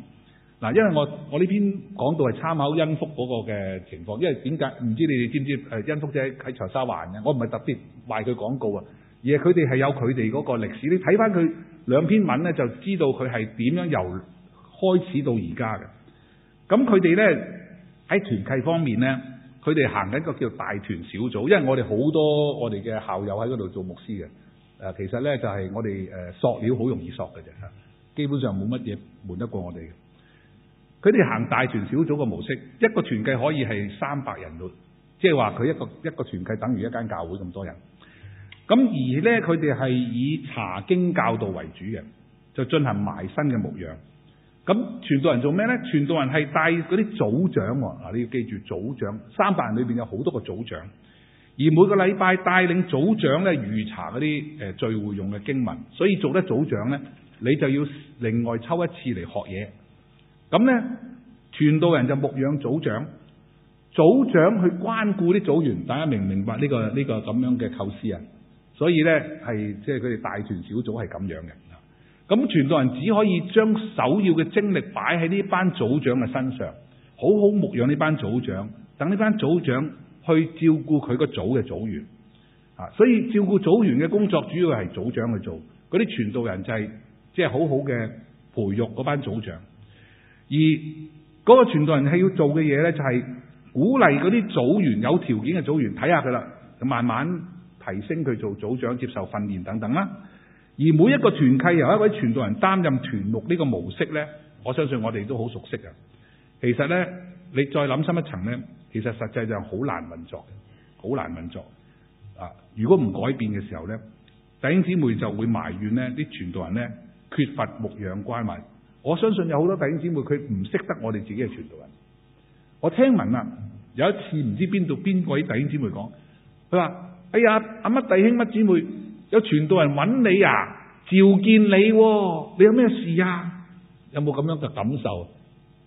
嗱、啊，因為我我呢篇講到係參考恩福嗰個嘅情況，因為點解唔知你哋知唔知？恩福姐喺長沙灣呢？我唔係特別賣佢廣告啊。而佢哋係有佢哋嗰個歷史，你睇翻佢兩篇文咧，就知道佢係點樣由開始到而家嘅。咁佢哋咧，喺團契方面咧，佢哋行緊一個叫大團小組，因為我哋好多我哋嘅校友喺嗰度做牧師嘅。誒，其實咧就係我哋誒索料好容易索嘅啫，基本上冇乜嘢瞞得過我哋嘅。佢哋行大團小組嘅模式，一個團契可以係三百人度，即係話佢一個一個團契等於一間教會咁多人。咁而呢，佢哋係以查經教導為主嘅，就進行埋身嘅牧養。咁傳道人做咩呢？傳道人係帶嗰啲組長、哦，喎。你要記住組長三百人裏面有好多個組長，而每個禮拜帶領組長咧預查嗰啲誒聚會用嘅經文，所以做得組長呢，你就要另外抽一次嚟學嘢。咁呢，傳道人就牧養組長，組長去關顧啲組員。大家明唔明白呢個呢個咁樣嘅構思啊？所以呢，係即係佢哋大團小組係咁樣嘅。咁傳道人只可以將首要嘅精力擺喺呢班組長嘅身上，好好牧養呢班組長，等呢班組長去照顧佢個組嘅組員。啊，所以照顧組員嘅工作主要係組長去做，嗰啲傳道人就係即係好好嘅培育嗰班組長。而嗰個傳道人係要做嘅嘢呢，就係鼓勵嗰啲組員，有條件嘅組員睇下佢啦，就慢慢。提升佢做組長，接受訓練等等啦。而每一個團契由一位傳道人擔任團牧呢個模式呢，我相信我哋都好熟悉嘅。其實呢，你再諗深一層呢，其實實際上好難運作，好難運作啊！如果唔改變嘅時候呢，弟兄姊妹就會埋怨呢啲傳道人呢缺乏牧養關懷。我相信有好多弟兄姊妹佢唔識得我哋自己嘅傳道人。我聽聞啦，有一次唔知邊度邊位弟兄姊妹講，佢話。哎呀，阿乜弟兄乜姊妹，有傳道人搵你啊，召見你喎，你有咩事啊？有冇咁樣嘅感受？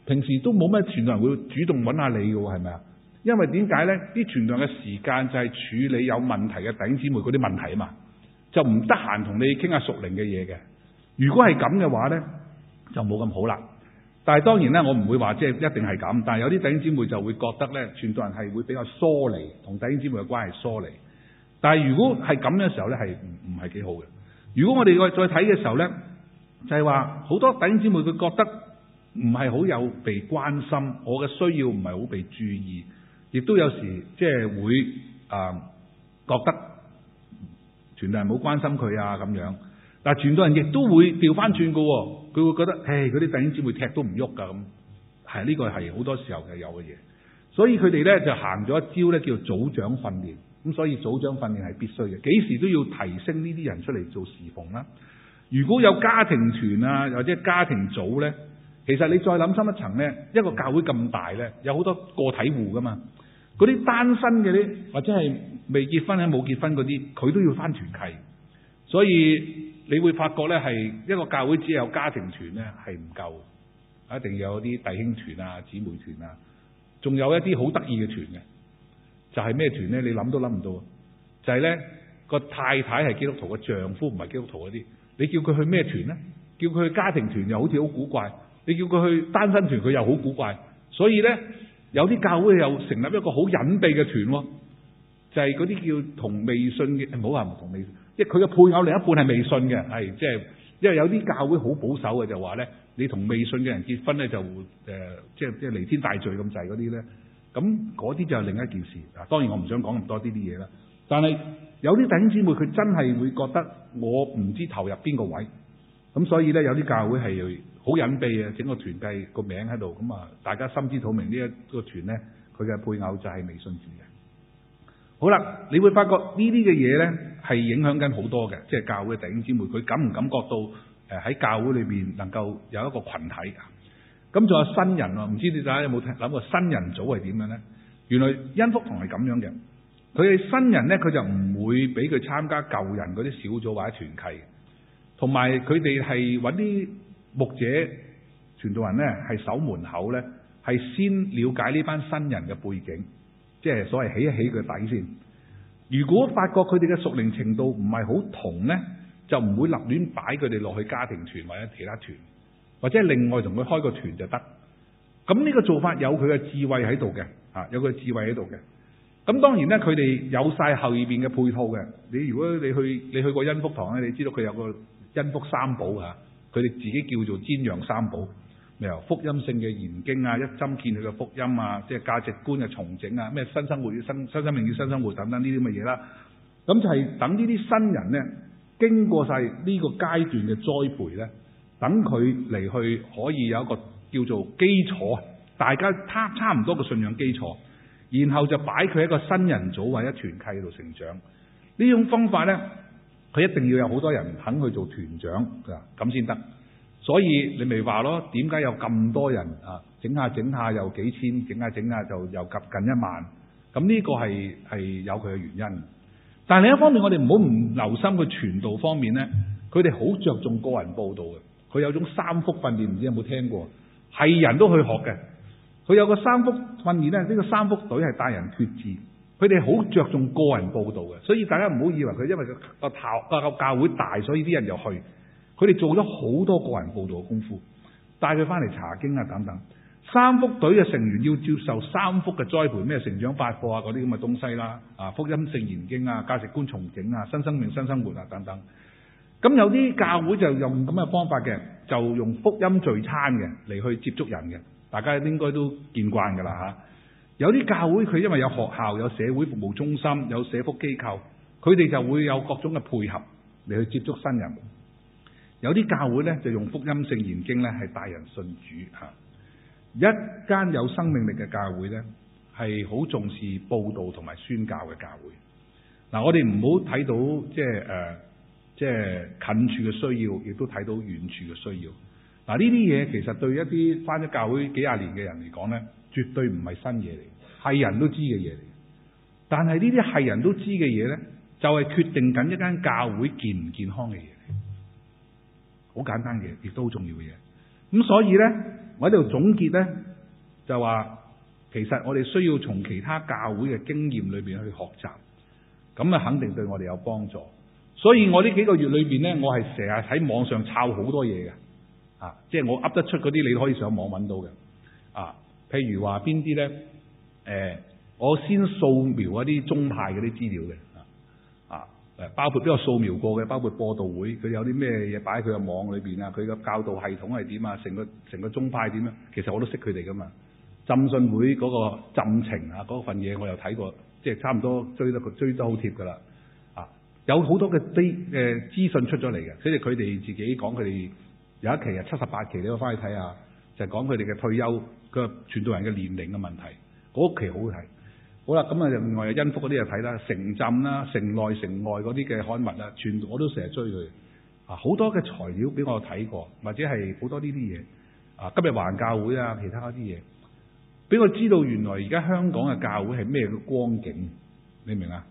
平時都冇咩傳道人會主動搵下你嘅，係咪啊？因為點解咧？啲傳道人嘅時間就係處理有問題嘅弟兄姊妹嗰啲問題啊嘛，就唔得閒同你傾下屬靈嘅嘢嘅。如果係咁嘅話咧，就冇咁好啦。但係當然咧，我唔會話即係一定係咁。但係有啲弟兄姊妹就會覺得咧，傳道人係會比較疏離，同弟兄姊妹嘅關係疏離。但係如果係咁嘅時候咧，係唔唔係幾好嘅。如果我哋再睇嘅時候咧，就係話好多弟兄姊妹佢覺得唔係好有被關心，我嘅需要唔係好被注意，亦都有時即係會啊覺得傳道人冇關心佢啊咁樣。但係傳道人亦都會調翻轉嘅喎，佢會覺得誒嗰啲弟兄姊妹踢都唔喐噶咁，係呢、這個係好多時候嘅有嘅嘢。所以佢哋咧就行咗一招咧，叫做組長訓練。咁所以組長訓練係必須嘅，幾時都要提升呢啲人出嚟做侍奉啦。如果有家庭團啊，或者家庭組呢，其實你再諗深一層呢，一個教會咁大呢，有好多個體戶㗎嘛，嗰啲單身嘅啲或者係未結婚啊、冇結婚嗰啲，佢都要返團契。所以你會發覺呢，係一個教會只有家庭團呢，係唔夠，一定有啲弟兄團啊、姊妹團啊，仲有一啲好得意嘅團嘅。就係咩團咧？你諗都諗唔到，就係咧個太太係基督徒，個丈夫唔係基督徒嗰啲。你叫佢去咩團咧？叫佢去家庭團又好似好古怪。你叫佢去單身團，佢又好古怪。所以咧，有啲教會又成立一個好隱秘嘅團，就係嗰啲叫同微信嘅，唔好話唔同微信，即係佢嘅配偶另一半係微信嘅，係即係因為有啲教會好保守嘅就話咧，你同微信嘅人結婚咧就誒，即係即係彌天大罪咁滯嗰啲咧。咁嗰啲就係另一件事，嗱，當然我唔想講咁多呢啲嘢啦。但係有啲弟兄姊妹佢真係會覺得我唔知投入邊個位，咁所以呢，有啲教會係好隱秘呀，整個團契個名喺度，咁啊大家心知肚明呢一個團呢，佢嘅配偶就係微信主嘅。好啦，你會發覺呢啲嘅嘢呢係影響緊好多嘅，即係教會弟兄姊妹佢感唔感覺到喺教會裏邊能夠有一個群體。咁仲有新人喎，唔知你大家有冇睇諗過新人組係點樣咧？原來恩福堂係咁樣嘅，佢哋新人咧佢就唔會俾佢參加舊人嗰啲小組或者團契，同埋佢哋係揾啲牧者、傳道人咧係守門口咧，係先了解呢班新人嘅背景，即係所謂起一起佢底先。如果發覺佢哋嘅屬靈程度唔係好同咧，就唔會立亂擺佢哋落去家庭團或者其他團。或者另外同佢開個團就得，咁呢個做法有佢嘅智慧喺度嘅，有佢嘅智慧喺度嘅。咁當然呢，佢哋有曬後面嘅配套嘅。你如果你去你去過恩福堂，你知道佢有個恩福三寶嚇，佢哋自己叫做瞻仰三寶，咩福音性嘅研經啊，一針見血嘅福音啊，即係價值觀嘅重整啊，咩新生活、新新生命、新生活等等呢啲咁嘅嘢啦。咁就係等呢啲新人呢經過曬呢個階段嘅栽培呢。等佢嚟去可以有一個叫做基礎，大家差差唔多嘅信仰基礎，然後就擺佢一個新人組或者團契度成長。呢種方法咧，佢一定要有好多人肯去做團長，咁先得。所以你咪話咯，點解有咁多人啊？整下整下又幾千，整下整下就又及近一萬。咁呢個係係有佢嘅原因。但係另一方面，我哋唔好唔留心佢傳道方面咧，佢哋好着重個人報道嘅。佢有種三福訓練，唔知有冇聽過？係人都去學嘅。佢有個三福訓練呢呢、呢個三福隊係帶人決志，佢哋好著重個人佈道嘅，所以大家唔好以為佢因為個教會大，所以啲人又去。佢哋做咗好多個人佈道嘅功夫，帶佢翻嚟查經啊等等。三福隊嘅成員要接受三福嘅栽培，咩成長發貨啊嗰啲咁嘅東西啦，啊福音性研經啊價值觀重整啊新生命新生活啊等等。咁有啲教會就用咁嘅方法嘅，就用福音聚餐嘅嚟去接觸人嘅，大家應該都見慣噶啦嚇。有啲教會佢因為有學校、有社會服務中心、有社福機構，佢哋就會有各種嘅配合嚟去接觸新人。有啲教會呢，就用福音性言經呢係帶人信主嚇。一間有生命力嘅教會呢，係好重視佈道同埋宣教嘅教會。嗱，我哋唔好睇到即係誒。即係近處嘅需要，亦都睇到遠處嘅需要。嗱，呢啲嘢其實對一啲返咗教會幾廿年嘅人嚟講呢，絕對唔係新嘢嚟，係人都知嘅嘢嚟。但係呢啲係人都知嘅嘢呢，就係決定緊一間教會健唔健康嘅嘢嚟。好簡單嘅，亦都好重要嘅嘢。咁所以呢，我喺度總結呢，就話其實我哋需要從其他教會嘅經驗裏邊去學習，咁啊肯定對我哋有幫助。所以我呢幾個月裏面咧，我係成日喺網上抄好多嘢嘅，啊，即係我噏得出嗰啲，你可以上網揾到嘅，啊，譬如話邊啲咧，誒、呃，我先掃描一啲宗派嗰啲資料嘅、啊，啊，包括都我掃描過嘅，包括播道會，佢有啲咩嘢擺喺佢個網裏面啊，佢個教導系統係點啊，成個成個宗派點啊，其實我都識佢哋噶嘛，浸信會嗰個浸情啊，嗰份嘢我又睇過，即係差唔多追得追得好貼噶啦。有好多嘅資訊出咗嚟嘅，所以佢哋自己講佢哋有一期啊，七十八期，你可翻去睇下，就係講佢哋嘅退休，傳道人嘅年齡嘅問題，嗰期好睇。好啦，咁啊，另外啊，恩福嗰啲又睇啦，城鎮啦、城內城外嗰啲嘅刊物啊，全我都成日追佢啊，好多嘅材料俾我睇過，或者係好多呢啲嘢啊，今日環教會啊，其他啲嘢，俾我知道原來而家香港嘅教會係咩嘅光景，你明唔明啊？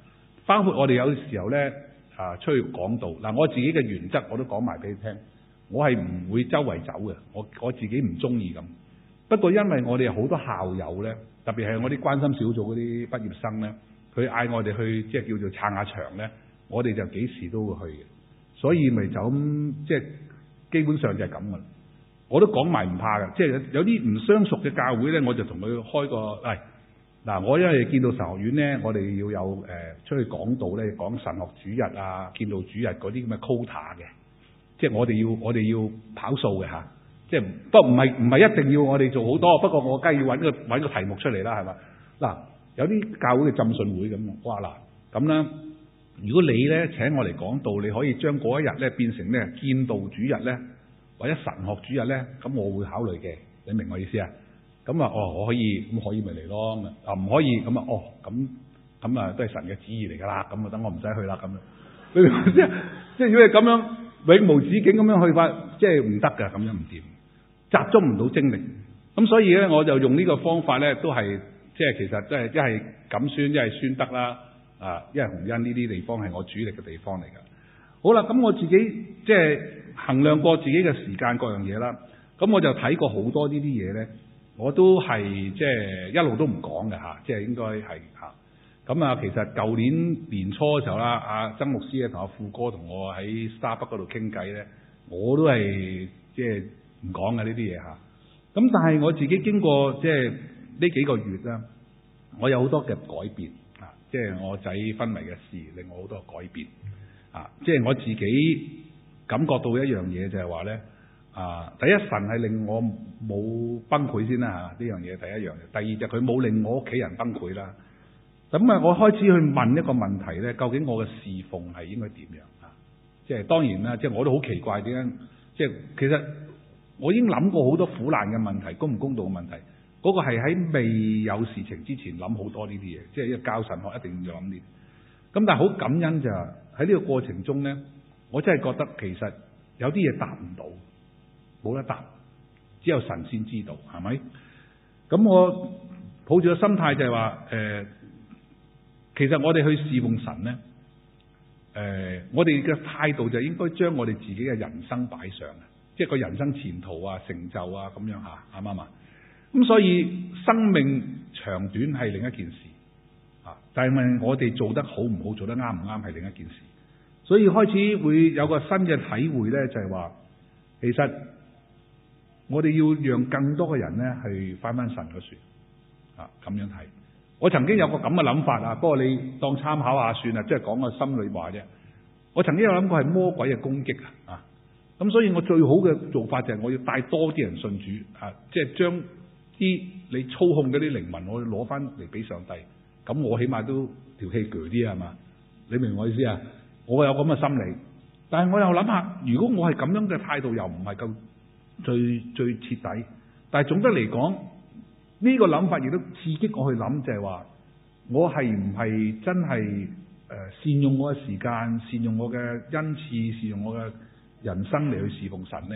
包括我哋有時候咧啊出去講道嗱，我自己嘅原則我都講埋俾你聽，我係唔會周圍走嘅，我我自己唔中意咁。不過因為我哋好多校友咧，特別係我啲關心小組嗰啲畢業生咧，佢嗌我哋去即係叫做撐下場咧，我哋就幾時都會去嘅。所以咪就咁即係基本上就係咁噶啦。我都講埋唔怕嘅，即係有有啲唔相熟嘅教會咧，我就同佢開個、哎嗱，我因為建道神學院咧，我哋要有、呃、出去講道咧，講神學主日啊，建道主日嗰啲咁嘅 quota 嘅，即係我哋要我哋要跑數嘅嚇，即係不過唔係唔係一定要我哋做好多，不過我梗係要揾個揾個題目出嚟啦，係嘛？嗱、呃，有啲教會嘅浸信會咁哇嗱，咁啦，如果你咧請我嚟講道，你可以將嗰一日咧變成咩建道主日咧，或者神學主日咧，咁我會考慮嘅，你明我意思啊？咁啊，哦，我可以咁可以咪嚟咯？啊，唔可以咁啊，哦咁咁啊，都係神嘅旨意嚟噶啦。咁啊，等我唔使去啦。咁， 你即唔即係如果係咁樣永無止境咁樣去法，即係唔得噶，咁樣唔掂，集中唔到精力。咁所以咧，我就用呢個方法咧，都係即係其實即係一係錦宣，一係宣德啦，啊，一係洪恩呢啲地方係我主力嘅地方嚟噶。好啦，咁我自己即係衡量過自己嘅時間各樣嘢啦，咁我就睇過好多呢啲嘢咧。我都係即係一路都唔講嘅，即係應該係。咁啊，其實舊年年初嘅時候啦，阿、啊、曾牧師同阿富哥同我喺 Starbucks 嗰度傾偈咧，我都係即係唔講嘅呢啲嘢。咁但係我自己經過即係呢幾個月啦，我有好多嘅改變啊，即係我仔婚禮嘅事令我好多改變啊，即係我自己感覺到一樣嘢就係話咧。啊！第一，神係令我冇崩潰先啦，呢樣嘢第一樣嘢。第二就佢冇令我屋企人崩潰啦。咁啊，我開始去問一個問題咧：究竟我嘅侍奉係應該點樣啊？即係當然啦，即係我都好奇怪點樣，即係其實我已經諗過好多苦難嘅問題、公唔公道嘅問題。嗰個係喺未有事情之前諗好多呢啲嘢，即係一個教神學一定要諗啲。咁但係好感恩就喺呢個過程中咧，我真係覺得其實有啲嘢答唔到。冇得答，只有神仙知道，係咪？咁我抱住個心態就係話，誒、呃，其實我哋去侍奉神咧，誒、呃，我哋嘅態度就應該將我哋自己嘅人生擺上，即係個人生前途啊、成就啊咁樣吓，啱唔啱啊？咁所以生命長短係另一件事，啊，但係問我哋做得好唔好、做得啱唔啱係另一件事，所以開始會有個新嘅體會咧，就係話，其實。我哋要讓更多嘅人咧去翻翻神嘅書，啊咁樣睇。我曾經有個咁嘅諗法啊，不過你當參考下算啦，即係講個心裏話啫。我曾經有諗過係魔鬼嘅攻擊啊，咁所以我最好嘅做法就係我要帶多啲人信主啊，即係將啲你操控嗰啲靈魂，我攞翻嚟俾上帝。咁我起碼都條氣鋸啲係嘛？你明我意思啊？我有咁嘅心理，但係我又諗下，如果我係咁樣嘅態度，又唔係咁。最最徹底，但係總得嚟講，呢個諗法亦都刺激我去諗，就係話我係唔係真係誒善用我嘅時間，善用我嘅恩賜，善用我嘅人生嚟去侍奉神呢？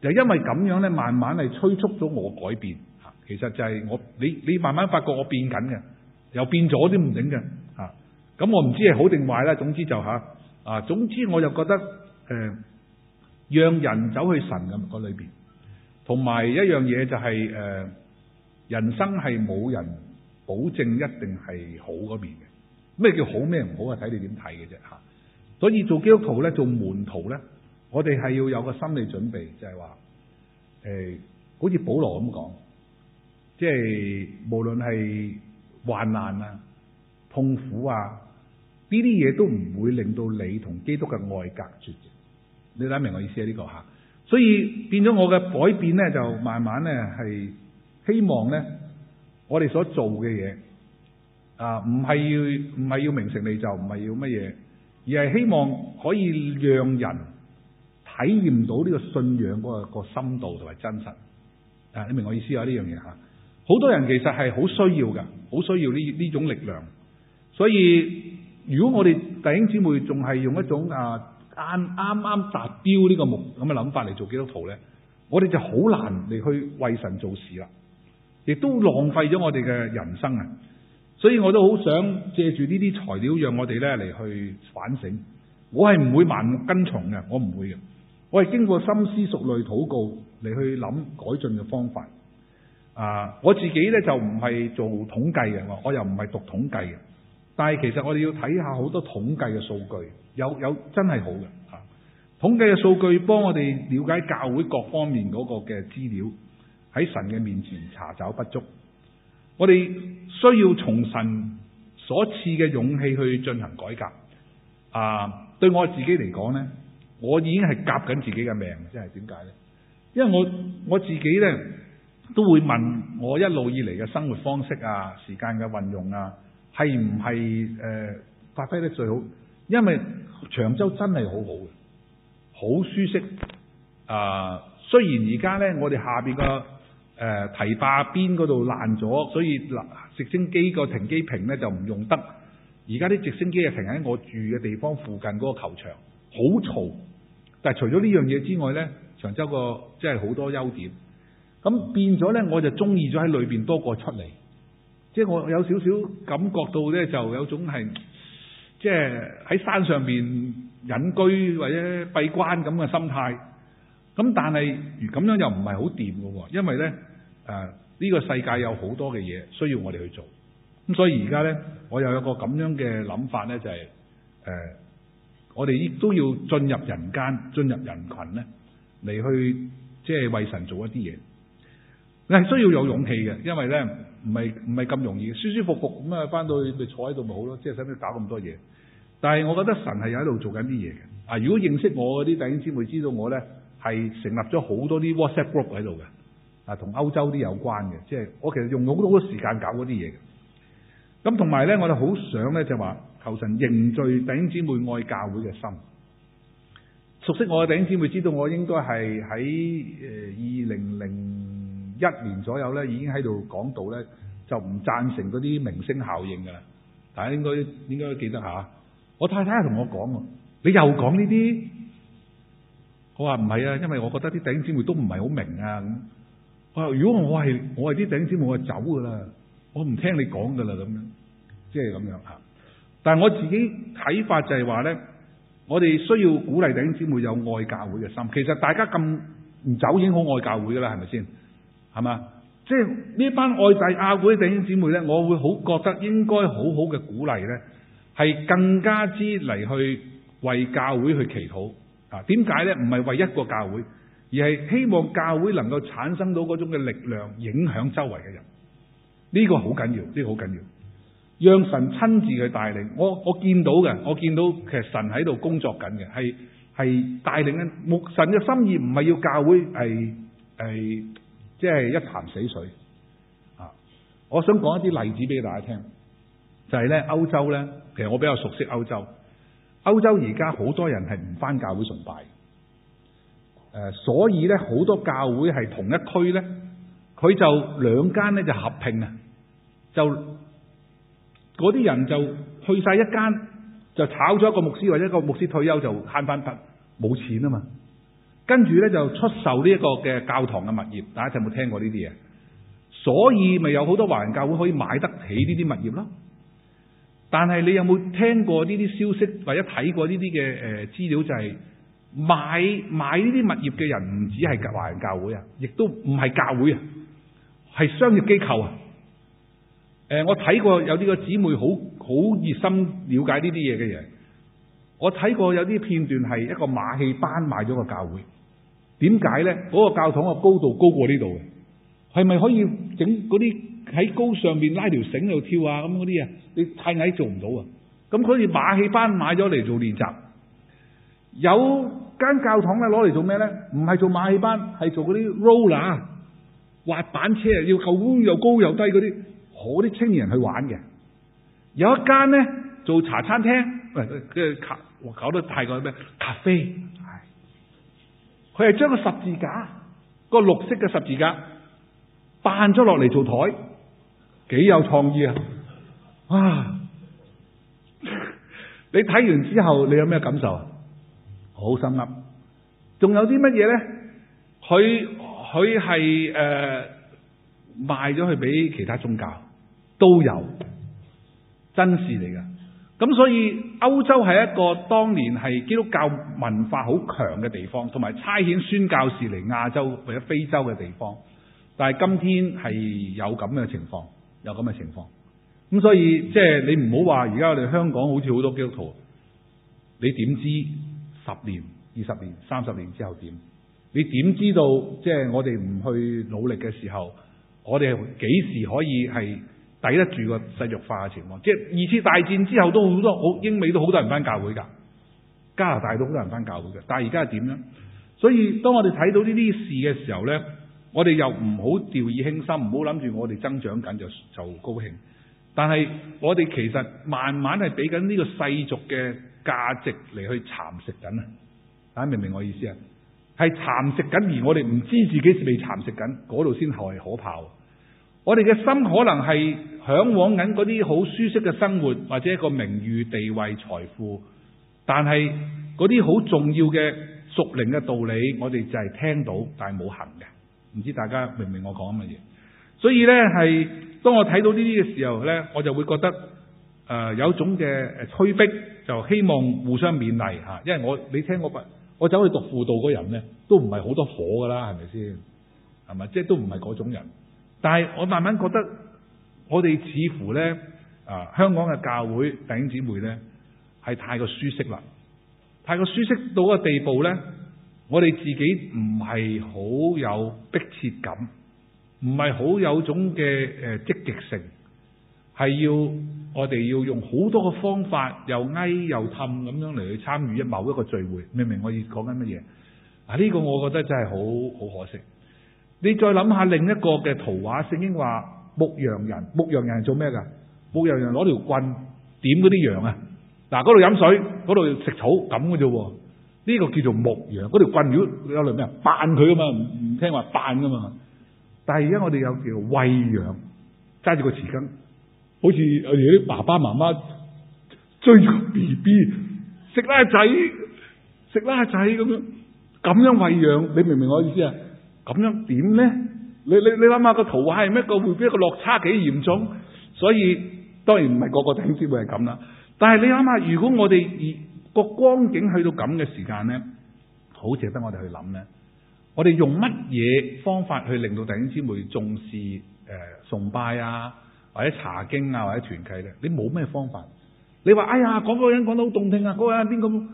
就因為咁樣呢，慢慢係催促咗我改變嚇。其實就係我，你你慢慢發覺我變緊嘅，又變咗啲唔整嘅嚇。咁，我唔知係好定壞啦。總之就嚇啊，總之我就覺得誒。呃讓人走去神嘅嗰裏邊，同埋一樣嘢就係誒，人生係冇人保證一定係好嗰面嘅。咩叫好咩唔好啊？睇你點睇嘅啫吓。所以做基督徒咧，做門徒咧，我哋係要有個心理準備，就係話誒，好似保羅咁講，即係無論係患難啊、痛苦啊，呢啲嘢都唔會令到你同基督嘅愛隔絕。你睇明我意思啊？呢個吓，所以變咗我嘅改變咧，就慢慢咧係希望咧，我哋所做嘅嘢啊，唔係要唔係要名成利就，唔係要乜嘢，而係希望可以讓人體驗到呢個信仰嗰個個深度同埋真實。啊，你明我意思啊？呢樣嘢吓，好多人其實係好需要噶，好需要呢呢種力量。所以如果我哋弟兄姊妹仲係用一種、嗯、啊～但啱啱達標呢個目，咁嘅諗法嚟做基督徒咧，我哋就好難嚟去為神做事啦，亦都浪費咗我哋嘅人生啊！所以我都好想借住呢啲材料，讓我哋咧嚟去反省。我係唔會盲目跟從嘅，我唔會嘅。我係經過深思熟慮、禱告嚟去諗改進嘅方法。啊，我自己咧就唔係做統計嘅，我又唔係讀統計嘅。但係其實我哋要睇下好多統計嘅數據，有有真係好嘅吓。統計嘅數據幫我哋了解教會各方面嗰個嘅資料，喺神嘅面前查找不足。我哋需要從神所賜嘅勇氣去進行改革。啊，對我自己嚟講呢，我已經係夾緊自己嘅命，即係點解呢？因為我我自己呢，都會問我一路以嚟嘅生活方式啊、時間嘅運用啊。.係唔係誒發揮得最好？因為長洲真係好好嘅，好舒適啊、呃。雖然而家呢，我哋下面嘅、呃、堤邊個誒堤壩邊嗰度爛咗，所以直升機個停機坪呢就唔用得了。而家啲直升機係停喺我住嘅地方附近嗰個球場，好嘈。但係除咗呢樣嘢之外呢，長洲個即係好多優點。咁變咗呢，我就中意咗喺裏邊多過出嚟。即係我有少少感覺到咧，就有種係即係喺山上邊隱居或者閉關咁嘅心態。咁但係如咁樣又唔係好掂㗎喎，因為咧誒呢個世界有好多嘅嘢需要我哋去做。咁所以而家咧，我又有一個咁樣嘅諗法咧，就係誒我哋亦都要進入人間，進入人群咧嚟去即係為神做一啲嘢。你係需要有勇氣嘅，因為咧。唔係唔係咁容易，舒舒服服咁啊，翻到去咪坐喺度咪好咯，即係使唔使搞咁多嘢？但係我覺得神係喺度做緊啲嘢嘅。啊，如果認識我啲弟兄姊妹知道我咧，係成立咗好多啲 WhatsApp group 喺度嘅，啊，同歐洲啲有關嘅，即係我其實用咗好多時間搞嗰啲嘢嘅。咁同埋咧，我哋好想咧就話求神凝聚弟兄姊妹愛教會嘅心。熟悉我嘅弟兄姊妹知道我應該係喺誒二零零呃一年左右咧，已經喺度講到咧，就唔贊成嗰啲明星效應㗎啦。但係應該應該記得下，我太太同我講喎，你又講呢啲？我話唔係啊，因為我覺得啲頂姊妹都唔係好明啊。咁我話如果我係我係啲頂姊妹，我就走㗎啦，我唔聽你講㗎啦，咁樣即係咁樣嚇。但係我自己睇法就係話咧，我哋需要鼓勵頂姊妹有愛教會嘅心。其實大家咁唔走已經好愛教會㗎啦，係咪先？係嘛？即係呢班外地教會弟兄姊妹咧，我會好覺得應該好好嘅鼓勵咧，係更加之嚟去為教會去祈禱。啊，點解咧？唔係為一個教會，而係希望教會能夠產生到嗰種嘅力量，影響周圍嘅人。呢個好緊要，呢個好緊要。讓神親自去帶領。我我見到嘅，我見到其實神喺度工作緊嘅，係係帶領嘅。牧神嘅心意唔係要教會係係。是即係一潭死水啊！我想講一啲例子俾大家聽，就係咧歐洲咧，其實我比較熟悉歐洲。歐洲而家好多人係唔翻教會崇拜，所以咧好多教會係同一區咧，佢就兩間咧就合併啊，就嗰啲人就去晒一間，就炒咗一個牧師或者一個牧師退休就慳翻得冇錢啊嘛。跟住呢就出售呢一個嘅教堂嘅物業，大家有冇聽過呢啲嘢？所以咪有好多華人教會可以買得起呢啲物業咯。但係你有冇聽過呢啲消息或者睇過呢啲嘅誒資料，就是？就係買買呢啲物業嘅人唔止係華人教會啊，亦都唔係教會啊，係商業機構啊。誒，我睇過有呢個姊妹好好熱心了解呢啲嘢嘅嘢，我睇過有啲片段係一個馬戲班買咗個教會。點解咧？嗰個教堂嘅高度高過呢度嘅，係咪可以整嗰啲喺高上面拉條繩喺度跳啊？咁嗰啲啊，你太矮做唔到啊！咁所以馬戲班買咗嚟做練習，有間教堂咧攞嚟做咩咧？唔係做馬戲班，係做嗰啲 roller 滑板車啊！要求又高又低嗰啲，好啲青年人去玩嘅。有一間咧做茶餐廳，唔係即係搞得太過咩咖啡。佢係將個十字架，個綠色嘅十字架扮咗落嚟，做台，幾有創意啊！哇！你睇完之後，你有咩感受？好心諗，仲有啲乜嘢咧？佢佢係誒賣咗去俾其他宗教都有真事嚟噶，咁所以。歐洲係一個當年係基督教文化好強嘅地方，同埋差遣宣教士嚟亞洲或者非洲嘅地方。但係今天係有咁嘅情況，有咁嘅情況。咁所以即係你唔好話而家我哋香港好似好多基督徒，你點知十年、二十年、三十年之後點？你點知道即係我哋唔去努力嘅時候，我哋幾時可以係？抵得住個世俗化嘅情況，即係二次大戰之後都好多好英美都好多人翻教會㗎，加拿大都好多人翻教會嘅，但係而家係點呢？所以當我哋睇到呢啲事嘅時候呢，我哋又唔好掉以輕心，唔好諗住我哋增長緊就就高興。但係我哋其實慢慢係俾緊呢個世俗嘅價值嚟去蠶食緊啊！大家明唔明我意思啊？係蠶食緊，而我哋唔知自己係咪蠶食緊，嗰度先後係可怕。我哋嘅心可能係嚮往緊嗰啲好舒適嘅生活，或者一個名譽、地位、財富，但係嗰啲好重要嘅屬靈嘅道理，我哋就係聽到但係冇行嘅。唔知大家明唔明我講乜嘢？所以呢，係當我睇到呢啲嘅時候呢，我就會覺得誒、呃、有一種嘅誒催逼，就希望互相勉勵吓。因為我你聽我我走去讀輔導嗰人呢，都唔係好多火㗎啦，係咪先？係咪即係都唔係嗰種人？但係我慢慢覺得，我哋似乎咧啊、呃，香港嘅教會弟兄姊妹咧，係太過舒適啦，太過舒適到個地步咧，我哋自己唔係好有迫切感，唔係好有種嘅誒積極性，係要我哋要用好多嘅方法又翳又氹咁樣嚟去參與一某一個聚會，明唔明我要講緊乜嘢？啊，呢、這個我覺得真係好好可惜。你再諗下另一個嘅圖畫，聖經話牧羊人，牧羊人係做咩噶？牧羊人攞條棍，點嗰啲羊啊！嗱，嗰度飲水，嗰度食草咁噶啫。呢個叫做牧羊，嗰條棍如果有嚟咩啊？扮佢噶嘛，唔唔聽話扮噶嘛。但係而家我哋有叫餵羊，揸住個匙羹，好似我哋啲爸爸媽媽追住 B B 食啦仔，食啦仔咁樣，咁樣餵養，你明唔明我意思啊？咁樣點咧？你你你諗下個圖畫係咩？個會俾一個落差幾嚴重？所以當然唔係個個弟兄姊妹係咁啦。但係你諗下，如果我哋個光景去到咁嘅時間咧，好值得我哋去諗咧。我哋用乜嘢方法去令到弟兄姊妹重視誒、呃、崇拜啊，或者查經啊，或者團契咧？你冇咩方法？你話哎呀，嗰、那個人講得好動聽啊，嗰、那個人邊咁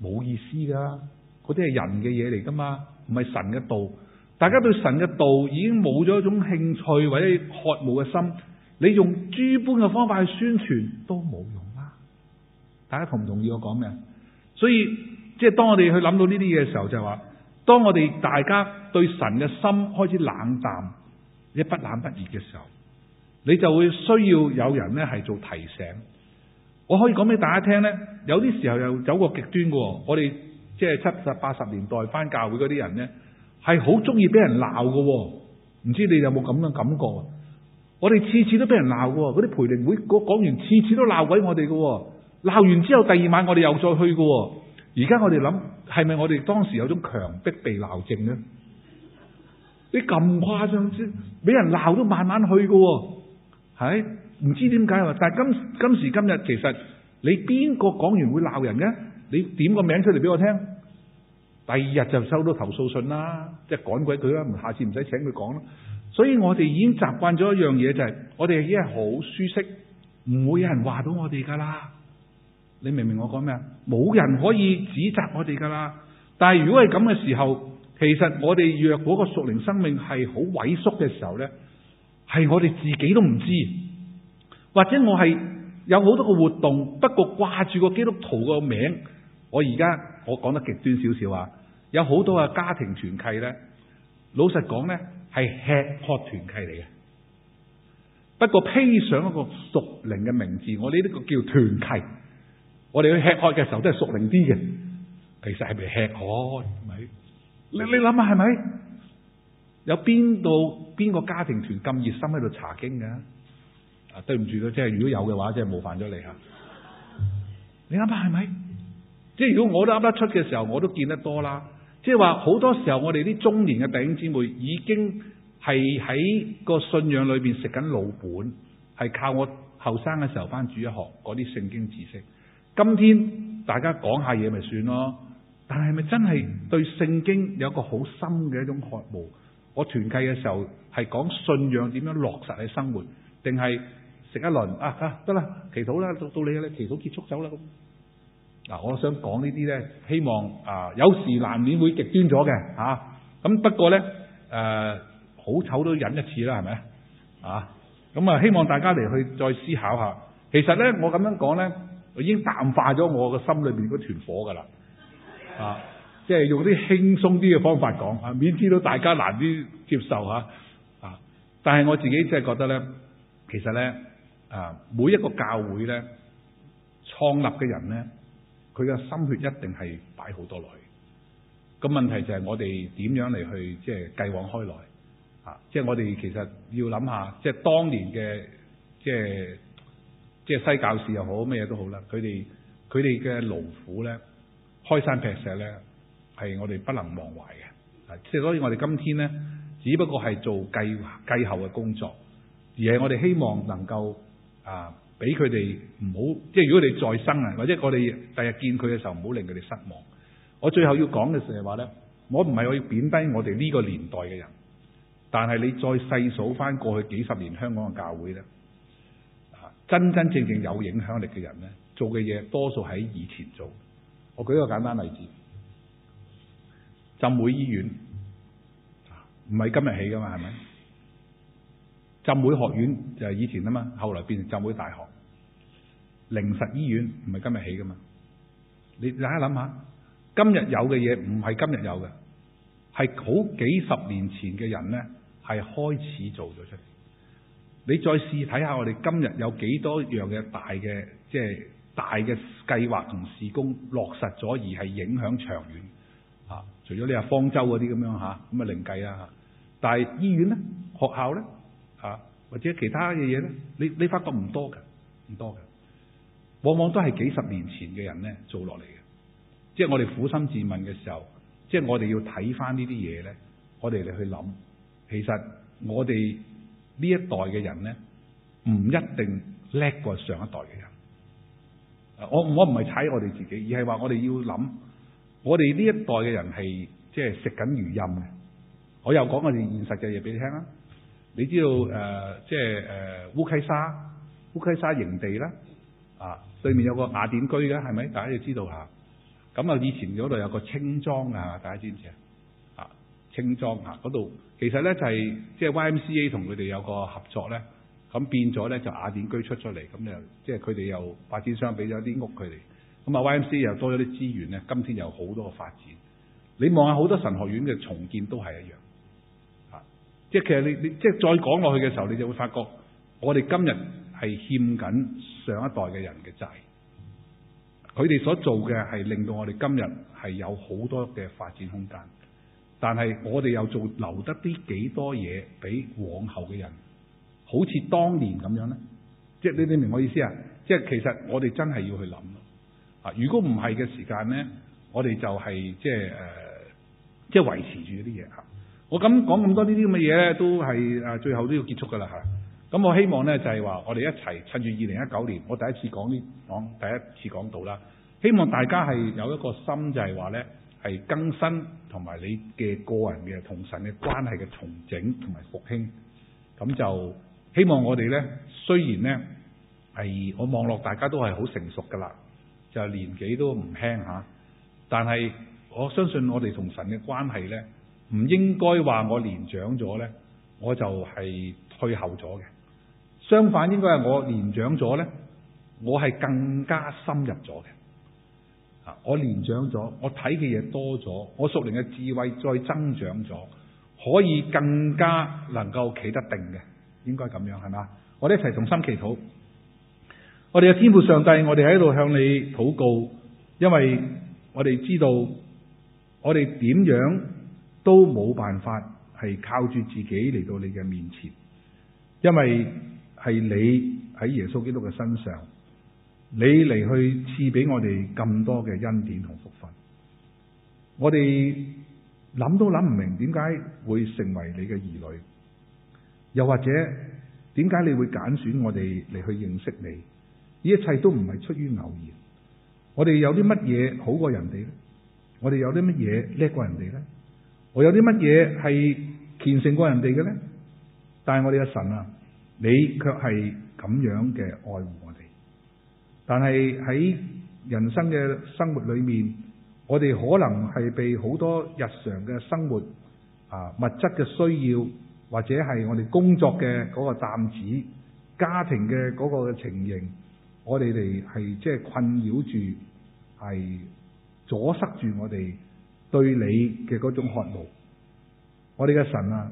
冇意思噶、啊，嗰啲係人嘅嘢嚟噶嘛，唔係神嘅道。大家對神嘅道已經冇咗一種興趣或者渴慕嘅心，你用諸般嘅方法去宣傳都冇用啦。大家同唔同意我講咩？所以即係當我哋去諗到呢啲嘢嘅時候，就係話，當我哋大家對神嘅心開始冷淡，一不冷不熱嘅時候，你就會需要有人呢係做提醒。我可以講俾大家聽呢，有啲時候又走過極端噶。我哋即係七十八十年代返教會嗰啲人呢。係好中意俾人鬧喎，唔知你有冇咁嘅感覺啊？我哋次次都俾人鬧喎，嗰啲培靈會個講員次次都鬧鬼我哋喎。鬧完之後第二晚我哋又再去喎。而家我哋諗係咪我哋當時有種強迫被鬧症呢？你咁誇張先，俾人鬧都慢慢去喎。係唔知點解喎。但係今今時今日，其實你邊個講員會鬧人嘅？你點個名出嚟俾我聽？第二日就收到投訴信啦，即係趕鬼佢啦，下次唔使請佢講啦。所以我哋已經習慣咗一樣嘢，就係我哋已經係好舒適，唔會有人話到我哋噶啦。你明唔明我講咩啊？冇人可以指責我哋噶啦。但係如果係咁嘅時候，其實我哋若果個屬靈生命係好萎縮嘅時候呢，係我哋自己都唔知，或者我係有好多個活動，不過掛住個基督徒個名。我而家我講得極端少少啊！有好多嘅家庭團契咧，老實講咧，係吃喝團契嚟嘅。不過披上一個屬靈嘅名字，我呢個叫團契。我哋去吃喝嘅時候都係屬靈啲嘅，其實係咪吃喝？係咪？你你諗下係咪？有邊度邊個家庭團咁熱心喺度查經㗎？啊，對唔住啦，即係如果有嘅話，即係冒犯咗你嚇。你諗下，係咪？即係如果我都啱得出嘅時候，我都見得多啦。即係話好多時候我哋啲中年嘅弟兄姊妹已經係喺個信仰裏邊食緊老本，係靠我後生嘅時候返主日學嗰啲聖經知識。今天大家講下嘢咪算咯，但係咪真係對聖經有一個好深嘅一種渴慕？我團契嘅時候係講信仰點樣落實喺生活，定係食一輪啊啊得啦祈禱啦到到你嘅祈禱結束走啦咁。嗱，我想講呢啲呢，希望啊，有時難免會極端咗嘅吓。咁不過呢，誒好醜都忍一次啦，係咪啊？咁啊，希望大家嚟去再思考下。其實呢，我咁樣講呢，已經淡化咗我個心裏面嗰團火㗎啦。啊，即係用啲輕鬆啲嘅方法講，啊，免知道大家難啲接受嚇。啊，但係我自己真係覺得呢，其實呢，啊，每一個教會呢，創立嘅人呢。佢嘅心血一定係擺好多落去，咁問題就係我哋點樣嚟去即係繼往開來啊！即係我哋其實要諗下，即係當年嘅即係即係西教士又好，咩嘢都好啦，佢哋佢哋嘅勞苦咧，開山劈石咧，係我哋不能忘懷嘅啊！即係所以我哋今天咧，只不過係做繼繼後嘅工作，而係我哋希望能夠啊～俾佢哋唔好，即係如果你哋再生啊，或者我哋第日見佢嘅時候唔好令佢哋失望。我最後要講嘅就係話咧，我唔係我要貶低我哋呢個年代嘅人，但係你再細數翻過去幾十年香港嘅教會咧，真真正正有影響力嘅人咧，做嘅嘢多數喺以前做。我舉一個簡單例子，浸會醫院，唔係今日起㗎嘛，係咪？浸會學院就係以前啊嘛，後來變成浸會大學。靈實醫院唔係今日起嘅嘛，你大家諗下，今日有嘅嘢唔係今日有嘅，係好幾十年前嘅人咧，係開始做咗出嚟。你再試睇下我們，我哋今日有幾多樣嘅大嘅，即係大嘅計劃同事工落實咗而係影響長遠啊？除咗你話方舟嗰啲咁樣嚇，咁啊另計啦。但係醫院咧，學校咧。或者其他嘅嘢咧，你你發覺唔多噶，唔多噶，往往都係幾十年前嘅人咧做落嚟嘅。即係我哋苦心自問嘅時候，即係我哋要睇翻呢啲嘢咧，我哋嚟去諗，其實我哋呢一代嘅人咧，唔一定叻過上一代嘅人。我我唔係踩我哋自己，而係話我哋要諗，我哋呢一代嘅人係即係食緊餘蔭嘅。我又講我哋現實嘅嘢俾你聽啦。你知道誒，即係誒烏溪沙、烏溪沙營地啦，啊對面有個雅典居嘅係咪？大家要知道下。咁啊，以前嗰度有個青莊啊，大家知唔知啊？啊，青莊啊，嗰度其實咧就係、是、即係 YMCA 同佢哋有個合作咧，咁變咗咧就雅典居出咗嚟，咁又即係佢哋又發展商俾咗啲屋佢哋，咁啊 YMCA 又多咗啲資源咧，今天有好多個發展。你望下好多神學院嘅重建都係一樣。即係其實你你即係再講落去嘅時候，你就會發覺我哋今日係欠緊上一代嘅人嘅債，佢哋所做嘅係令到我哋今日係有好多嘅發展空間，但係我哋又做留得啲幾多嘢俾往後嘅人，好似當年咁樣咧。即係你你明我意思啊？即係其實我哋真係要去諗啊！如果唔係嘅時間咧，我哋就係、是、即係、呃、即係維持住啲嘢嚇。我咁講咁多呢啲咁嘅嘢咧，都係誒、啊，最後都要結束噶啦吓。咁我希望咧就係、是、話，我哋一齊趁住二零一九年，我第一次講呢講，第一次講到啦。希望大家係有一個心，就係話咧，係更新同埋你嘅個人嘅同神嘅關係嘅重整同埋復興。咁就希望我哋咧，雖然咧係我望落大家都係好成熟噶啦，就年紀都唔輕吓、啊，但係我相信我哋同神嘅關係咧，唔應該話我年長咗呢，我就係退後咗嘅。相反，應該係我年長咗呢，我係更加深入咗嘅。我年長咗，我睇嘅嘢多咗，我屬靈嘅智慧再增長咗，可以更加能夠企得定嘅。應該咁樣係咪？我哋一齊同心祈禱。我哋嘅天父上帝，我哋喺度向你禱告，因為我哋知道我哋點樣。都冇辦法，係靠住自己嚟到你嘅面前，因為係你喺耶穌基督嘅身上，你嚟去賜俾我哋咁多嘅恩典同福分。我哋諗都諗唔明點解會成為你嘅兒女，又或者點解你會揀選我哋嚟去認識你？呢一切都唔係出於偶然。我哋有啲乜嘢好過人哋咧？我哋有啲乜嘢叻過人哋咧？我有啲乜嘢係虔誠過人哋嘅咧？但係我哋嘅神啊，你卻係咁樣嘅愛護我哋。但係喺人生嘅生活裏面，我哋可能係被好多日常嘅生活啊物質嘅需要，或者係我哋工作嘅嗰個暫止、家庭嘅嗰個情形，我哋嚟係即係困擾住，係阻塞住我哋。對你嘅嗰種渴慕，我哋嘅神啊，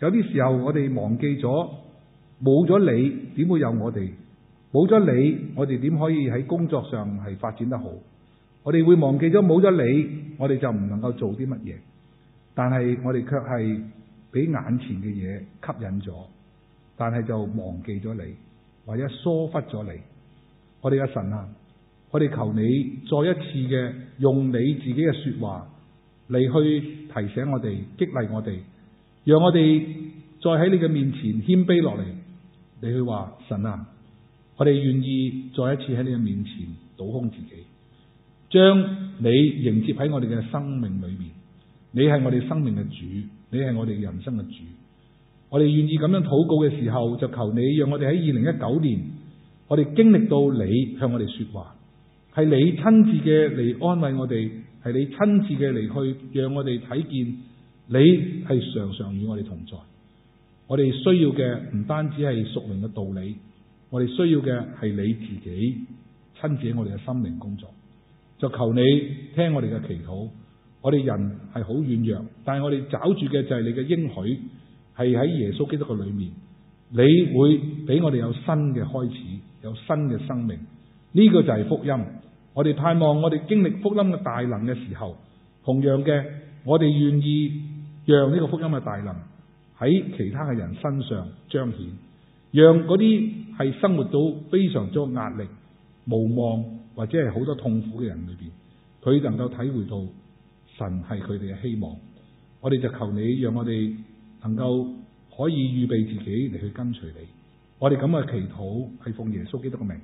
有啲時候我哋忘記咗，冇咗你點會有我哋？冇咗你，我哋點可以喺工作上係發展得好？我哋會忘記咗冇咗你，我哋就唔能夠做啲乜嘢。但係我哋卻係俾眼前嘅嘢吸引咗，但係就忘記咗你，或者疏忽咗你。我哋嘅神啊，我哋求你再一次嘅用你自己嘅說話。你去提醒我哋，激勵我哋，讓我哋再喺你嘅面前謙卑落嚟。你去話，神啊，我哋願意再一次喺你嘅面前倒空自己，將你迎接喺我哋嘅生命裏面。你係我哋生命嘅主，你係我哋人生嘅主。我哋願意咁樣禱告嘅時候，就求你讓我哋喺二零一九年，我哋經歷到你向我哋說話，係你親自嘅嚟安慰我哋。係你親自嘅離去，讓我哋睇見你係常常與我哋同在。我哋需要嘅唔單止係屬靈嘅道理，我哋需要嘅係你自己親自喺我哋嘅心靈工作。就求你聽我哋嘅祈禱。我哋人係好軟弱，但係我哋找住嘅就係你嘅應許，係喺耶穌基督嘅裏面，你會俾我哋有新嘅開始，有新嘅生命。呢個就係福音。我哋盼望我哋經歷福音嘅大能嘅時候，同樣嘅，我哋願意讓呢個福音嘅大能喺其他嘅人身上彰顯，讓嗰啲係生活到非常之壓力、無望或者係好多痛苦嘅人裏邊，佢能夠體會到神係佢哋嘅希望。我哋就求你讓我哋能夠可以預備自己嚟去跟隨你。我哋咁嘅祈禱係奉耶穌基督嘅名。